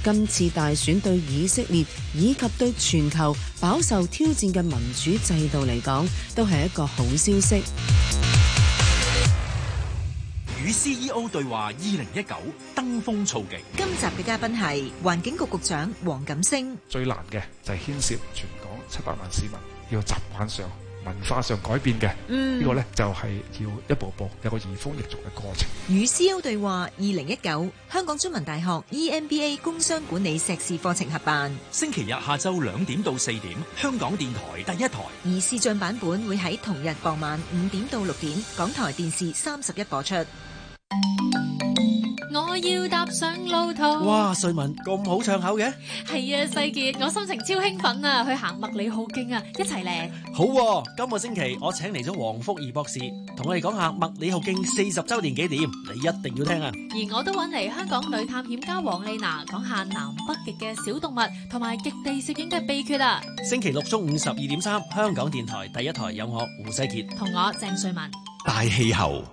今次大選對以色列以及對全球飽受挑戰嘅民主制度嚟講，都係一個好消息。與 CEO 對話，二零一九登峰造極。今集嘅嘉賓係環境局局長黃錦星。最難嘅就係牽涉全港七百萬市民，要習慣上。文化上改變嘅，呢、嗯、個呢，就係要一步一步有個移風易俗嘅過程。與 CEO 對話，二零一九，香港中文大學 EMBA 工商管理碩士課程合辦，星期日下晝兩點到四點，香港電台第一台。而視像版本會喺同日傍晚五點到六點，港台電視三十一播出。我要踏上路途。哇！瑞文咁好唱口嘅。係啊，世杰，我心情超興奮啊，去行麥理浩徑啊，一齊嚟。好，今個星期我請嚟咗黃福儀博士，同我哋講下麥理浩徑四十周年紀念，你一定要聽啊。而我都搵嚟香港女探險家黃莉娜，講下南北極嘅小動物同埋極地攝影嘅秘訣啊。星期六中午十二點三，香港電台第一台有我胡世杰同我鄭瑞文大氣候。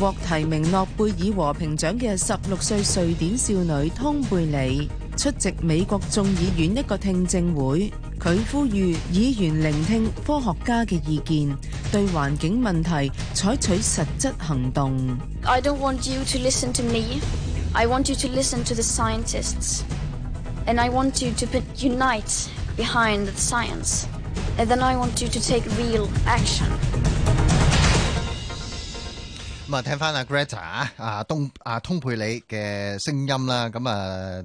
獲提名諾貝爾和平獎嘅十六歲瑞典少女通貝里出席美國眾議院一個聽證會，佢呼籲議員聆聽科學家嘅意見，對環境問題採取實質行動。I don't want you to listen to me. I want you to listen to the scientists. And I want you to unite behind the science. And then I want you to take real action. 咁啊，聽翻阿格雷塔啊，阿通阿通配里嘅聲音啦，咁啊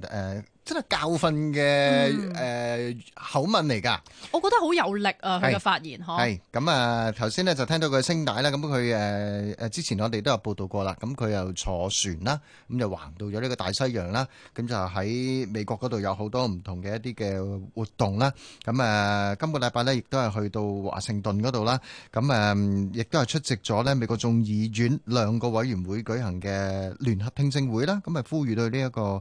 誒。呃真係教訓嘅誒口吻嚟㗎，我覺得好有力啊！佢嘅發言呵，係咁啊！頭先咧就聽到佢聲帶啦，咁佢誒誒之前我哋都有報道過啦，咁佢又坐船啦，咁就橫到咗呢個大西洋啦，咁就喺美國嗰度有好多唔同嘅一啲嘅活動啦，咁啊今個禮拜咧亦都係去到華盛頓嗰度啦，咁誒亦都係出席咗咧美國眾議院兩個委員會舉行嘅聯合聽證會啦，咁啊呼籲對呢一個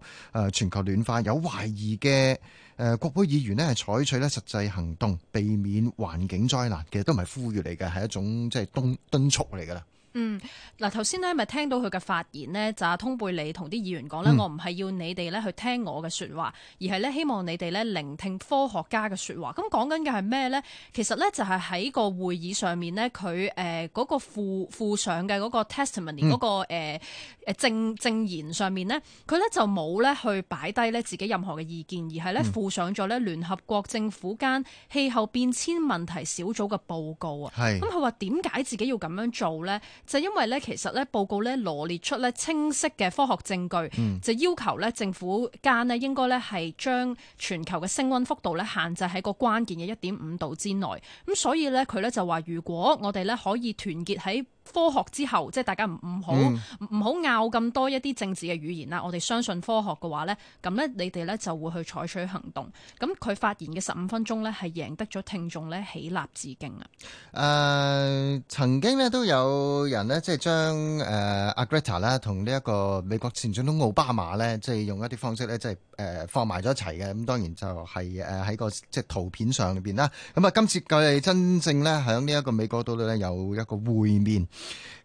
誒全球暖化有。懷疑嘅誒國會議員咧，係採取咧實際行動，避免環境災難，其實都唔係呼籲嚟嘅，係一種即係敦敦促嚟㗎啦。嗯，嗱，頭先咧咪聽到佢嘅發言呢，就阿、啊、通貝里同啲議員講呢：嗯「我唔係要你哋呢去聽我嘅説話，而係呢希望你哋呢聆聽科學家嘅説話。」咁講緊嘅係咩呢？其實呢就係喺個會議上面呢，佢誒嗰個附附上嘅嗰個 testimony 嗰、嗯嗰個誒誒證證言上面呢，佢呢就冇呢去擺低呢自己任何嘅意見，而係呢附上咗呢聯合國政府間氣候變遷問題小組嘅報告啊。係，咁佢話點解自己要咁樣做呢？就因為咧，其實咧報告咧羅列出咧清晰嘅科學證據，就、嗯、要求咧政府間呢應該咧係將全球嘅升温幅度咧限制喺個關鍵嘅一點五度之內。咁所以咧佢咧就話，如果我哋咧可以團結喺科學之後，即係大家唔唔好唔好拗咁多一啲政治嘅語言啦。我哋相信科學嘅話咧，咁咧你哋咧就會去採取行動。咁佢發言嘅十五分鐘咧，係贏得咗聽眾咧起立致敬啊！誒、呃，曾經咧都有人呢，即、呃、係將誒 Greta 啦同呢一個美國前總統奧巴馬咧，即係用一啲方式咧，即係誒放埋咗一齊嘅。咁當然就係誒喺個即係圖片上邊啦。咁啊，今次佢哋真正咧喺呢一個美國度咧有一個會面。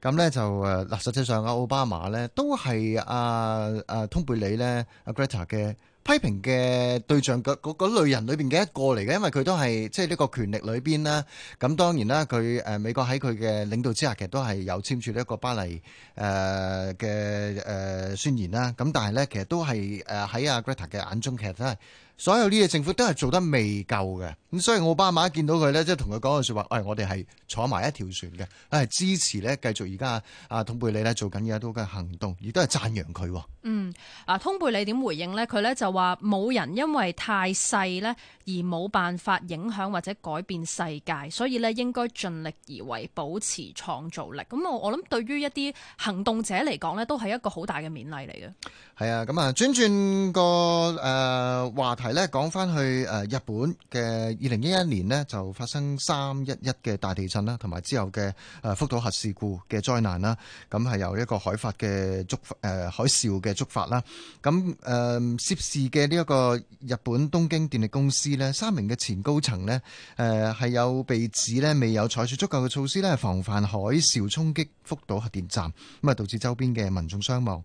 咁咧就誒，嗱，實際上阿奧巴馬咧都係阿阿通貝里咧阿格 t a 嘅批評嘅對象嗰嗰、那個、類人裏邊嘅一個嚟嘅，因為佢都係即係呢個權力裏邊啦。咁當然啦，佢誒、啊、美國喺佢嘅領導之下其、呃呃，其實都係有簽署呢一個巴黎誒嘅誒宣言啦。咁但係咧，其實都係誒喺阿格 t a 嘅眼中，其實都係所有呢嘢，政府都係做得未夠嘅。咁所以奧巴馬見到佢咧，即係同佢講句説話，誒、哎，我哋係坐埋一條船嘅，係、哎、支持咧繼續而家啊通貝利呢做緊嘅都嘅行動，亦都係讚揚佢。嗯，啊通貝利點回應呢？佢咧就話冇人因為太細呢而冇辦法影響或者改變世界，所以呢應該盡力而為，保持創造力。咁我我諗對於一啲行動者嚟講呢，都係一個好大嘅勉勵嚟嘅。係啊，咁啊轉轉個誒、呃、話題呢，講翻去誒、呃、日本嘅。二零一一年呢，就發生三一一嘅大地震啦，同埋之後嘅誒福島核事故嘅災難啦，咁係由一個海發嘅觸誒海嘯嘅觸發啦。咁誒涉事嘅呢一個日本東京電力公司呢，三名嘅前高層呢，誒、呃、係有被指呢未有採取足夠嘅措施呢，防範海嘯衝擊福島核電站，咁啊導致周邊嘅民眾傷亡。誒、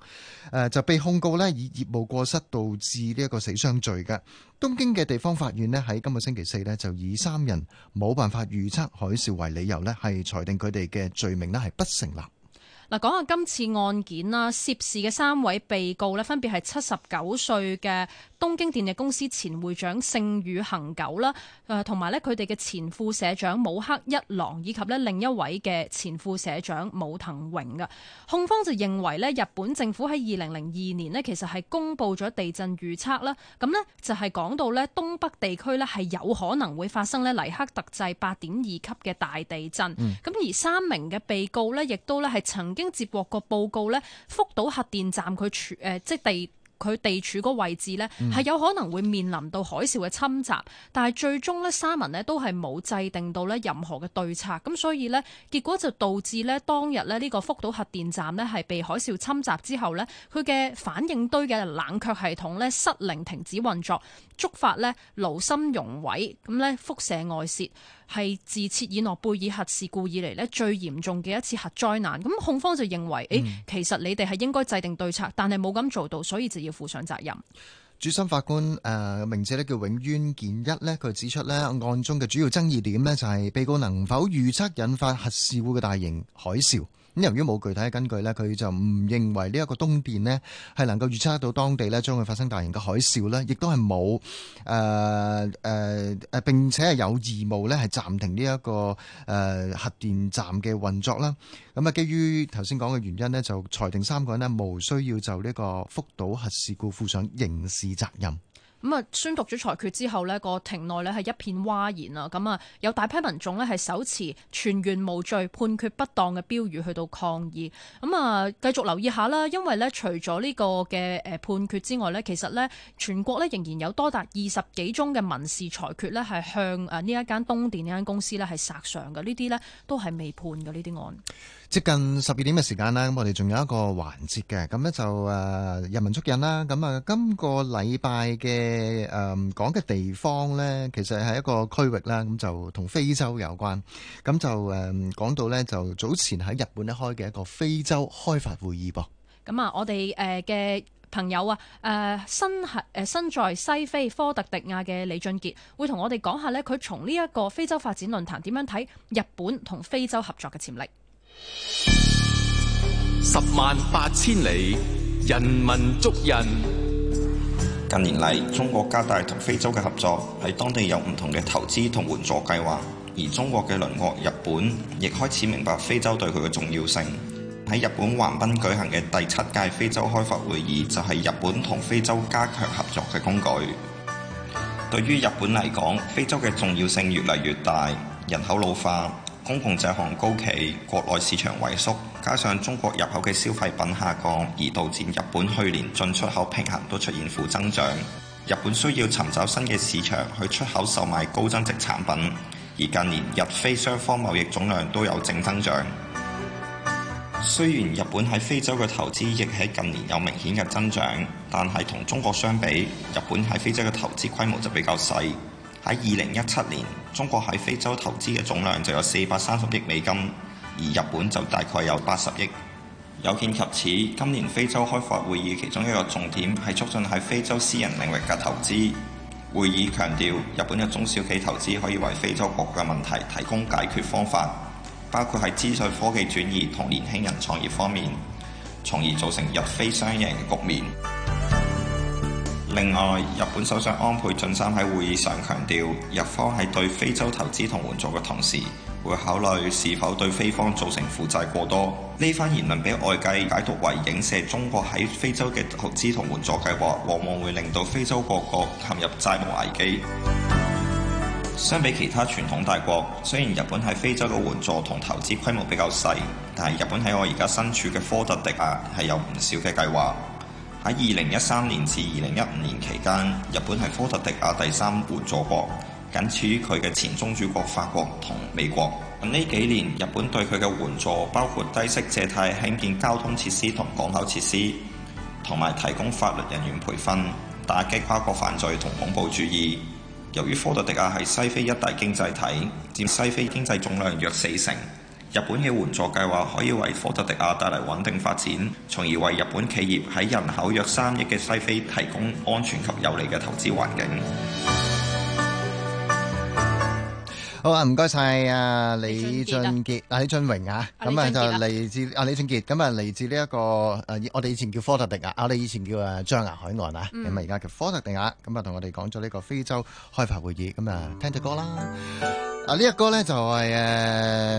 呃、就被控告呢，以業務過失導致呢一個死傷罪嘅。東京嘅地方法院呢，喺今個星期四呢，就以三人冇辦法預測海嘯為理由呢，係裁定佢哋嘅罪名呢係不成立。嗱，講下今次案件啦，涉事嘅三位被告呢，分別係七十九歲嘅東京電力公司前會長勝俁恒久啦，誒、呃，同埋呢佢哋嘅前副社長武黑一郎，以及呢另一位嘅前副社長武藤榮嘅。控方就認為呢日本政府喺二零零二年呢，其實係公布咗地震預測啦，咁呢就係、是、講到呢東北地區呢係有可能會發生呢黎克特制八點二級嘅大地震，咁、嗯、而三名嘅被告呢，亦都呢係曾。已經接獲個報告咧，福島核電站佢處誒、呃，即係地。佢地處個位置咧，係有可能會面臨到海嘯嘅侵襲，但係最終咧，沙文咧都係冇制定到咧任何嘅對策，咁所以咧，結果就導致咧當日咧呢個福島核電站咧係被海嘯侵襲之後咧，佢嘅反應堆嘅冷卻系統咧失靈停止運作，觸發咧爐心熔毀咁咧輻射外洩，係自切爾諾貝爾核事故以嚟咧最嚴重嘅一次核災難。咁控方就認為誒、欸、其實你哋係應該制定對策，但係冇咁做到，所以就要。負上責任。主審法官誒、呃，名字咧叫永淵健一咧，佢指出咧案中嘅主要爭議點咧就係被告能否預測引發核事故嘅大型海嘯。由於冇具體嘅根據呢，佢就唔認為呢個東電呢，係能夠預測到當地將會發生大型嘅海嘯呢，亦都係冇呃呃並且係有義務係暫停呢一個核電站嘅運作啦，基於頭先講嘅原因就裁定三個人呢，冇需要就呢個福島核事故負上刑事責任。咁啊，宣讀咗裁決之後呢個庭內咧，係一片嘩然啊！咁啊，有大批民眾咧，係手持“全員無罪、判決不當”嘅標語去到抗議。咁、嗯、啊，繼續留意下啦，因為呢，除咗呢個嘅誒判決之外呢，其實呢，全國呢仍然有多達二十幾宗嘅民事裁決呢係向誒呢一間東電呢間公司呢係殺上嘅。呢啲呢都係未判嘅呢啲案。接近十二點嘅時間啦，咁我哋仲有一個環節嘅，咁呢就誒、呃、人民足印啦。咁、呃、啊，今個禮拜嘅誒講嘅地方呢，其實係一個區域啦，咁、嗯、就同非洲有關。咁、嗯、就誒講、呃、到呢，就早前喺日本呢開嘅一個非洲開發會議噃。咁啊，我哋誒嘅朋友啊，誒身喺誒身在西非科特迪亞嘅李俊杰，會同我哋講下呢，佢從呢一個非洲發展論壇點樣睇日本同非洲合作嘅潛力。十萬八千里，人民足印。近年嚟，中國加大同非洲嘅合作，喺當地有唔同嘅投資同援助計劃。而中國嘅鄰國日本，亦開始明白非洲對佢嘅重要性。喺日本橫濱舉行嘅第七屆非洲開發會議，就係、是、日本同非洲加強合作嘅工具。對於日本嚟講，非洲嘅重要性越嚟越大，人口老化。公共債項高企，國內市場萎縮，加上中國入口嘅消費品下降，而導致日本去年進出口平衡都出現負增長。日本需要尋找新嘅市場去出口售賣高增值產品，而近年日非雙方貿易總量都有正增長。雖然日本喺非洲嘅投資亦喺近年有明顯嘅增長，但係同中國相比，日本喺非洲嘅投資規模就比較細。喺二零一七年，中國喺非洲投資嘅總量就有四百三十億美金，而日本就大概有八十億。有見及此，今年非洲開發會議其中一個重點係促進喺非洲私人領域嘅投資。會議強調，日本嘅中小企投資可以為非洲國家嘅問題提供解決方法，包括係資訊科技轉移同年輕人創業方面，從而造成日非雙贏嘅局面。另外，日本首相安倍晉三喺會議上強調，日方喺對非洲投資同援助嘅同時，會考慮是否對非方造成負債過多。呢番言論俾外界解讀為影射中國喺非洲嘅投資同援助計劃，往往會令到非洲各國陷入債務危機。相比其他傳統大國，雖然日本喺非洲嘅援助同投資規模比較細，但係日本喺我而家身處嘅科特迪瓦，係有唔少嘅計劃。喺二零一三年至二零一五年期間，日本係科特迪亞第三援助國，僅次於佢嘅前宗主國法國同美國。咁呢幾年，日本對佢嘅援助包括低息借貸、興建交通設施同港口設施，同埋提供法律人員培訓、打擊跨國犯罪同恐怖主義。由於科特迪亞係西非一大經濟體，佔西非經濟總量約四成。日本嘅援助計劃可以為科特迪瓦帶嚟穩定發展，從而為日本企業喺人口約三億嘅西非提供安全及有利嘅投資環境。好啊，唔該晒啊李俊傑，啊李俊榮啊，咁啊就嚟自啊李俊傑，咁啊嚟自呢一個誒，我哋以前叫科特迪瓦，啊你以前叫啊象牙海岸啊，咁啊而家叫科特迪瓦，咁啊同我哋講咗呢個非洲開發會議，咁啊聽隻歌啦，啊呢個歌咧就係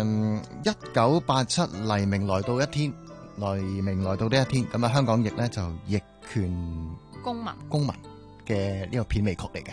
誒一九八七黎明來到一天，黎明來到呢一天，咁啊香港譯咧就逆權公民公民嘅呢個片尾曲嚟嘅。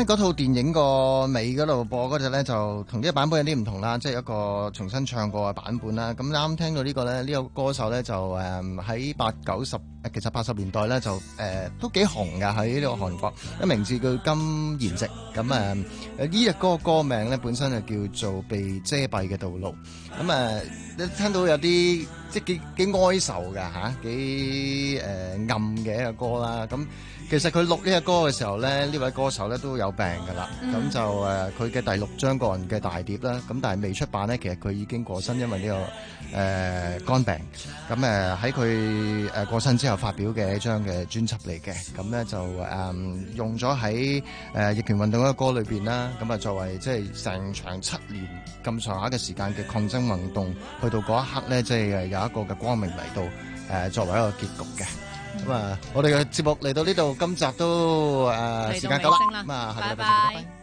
嗰套電影尾個尾嗰度播嗰陣咧，就同呢啲版本有啲唔同啦，即、就、係、是、一個重新唱過嘅版本啦。咁啱聽到呢、這個咧，呢、這個歌手咧就誒喺八九十，其實八十年代咧就誒、呃、都幾紅嘅喺呢個韓國，啲名字叫金賢植。咁誒呢個歌歌名咧本身就叫做被遮蔽嘅道路。咁誒，你聽到有啲即係幾幾哀愁嘅嚇、啊，幾誒、呃、暗嘅一個歌啦咁。其實佢錄呢隻歌嘅時候咧，呢位歌手咧都有病㗎啦。咁就誒，佢嘅第六張個人嘅大碟咧，咁但係未出版咧。其實佢已經過身，因為呢個誒肝病。咁誒喺佢誒過身之後，發表嘅一張嘅專輯嚟嘅。咁咧就誒用咗喺誒義權運動嘅歌裏邊啦。咁啊作為即係成場七年咁上下嘅時間嘅抗爭運動，去到嗰一刻咧，即係有一個嘅光明嚟到誒作為一個結局嘅。咁啊，我哋嘅節目嚟到呢度，今集都誒時間夠啦，咁啊，下個禮拜再見，拜拜。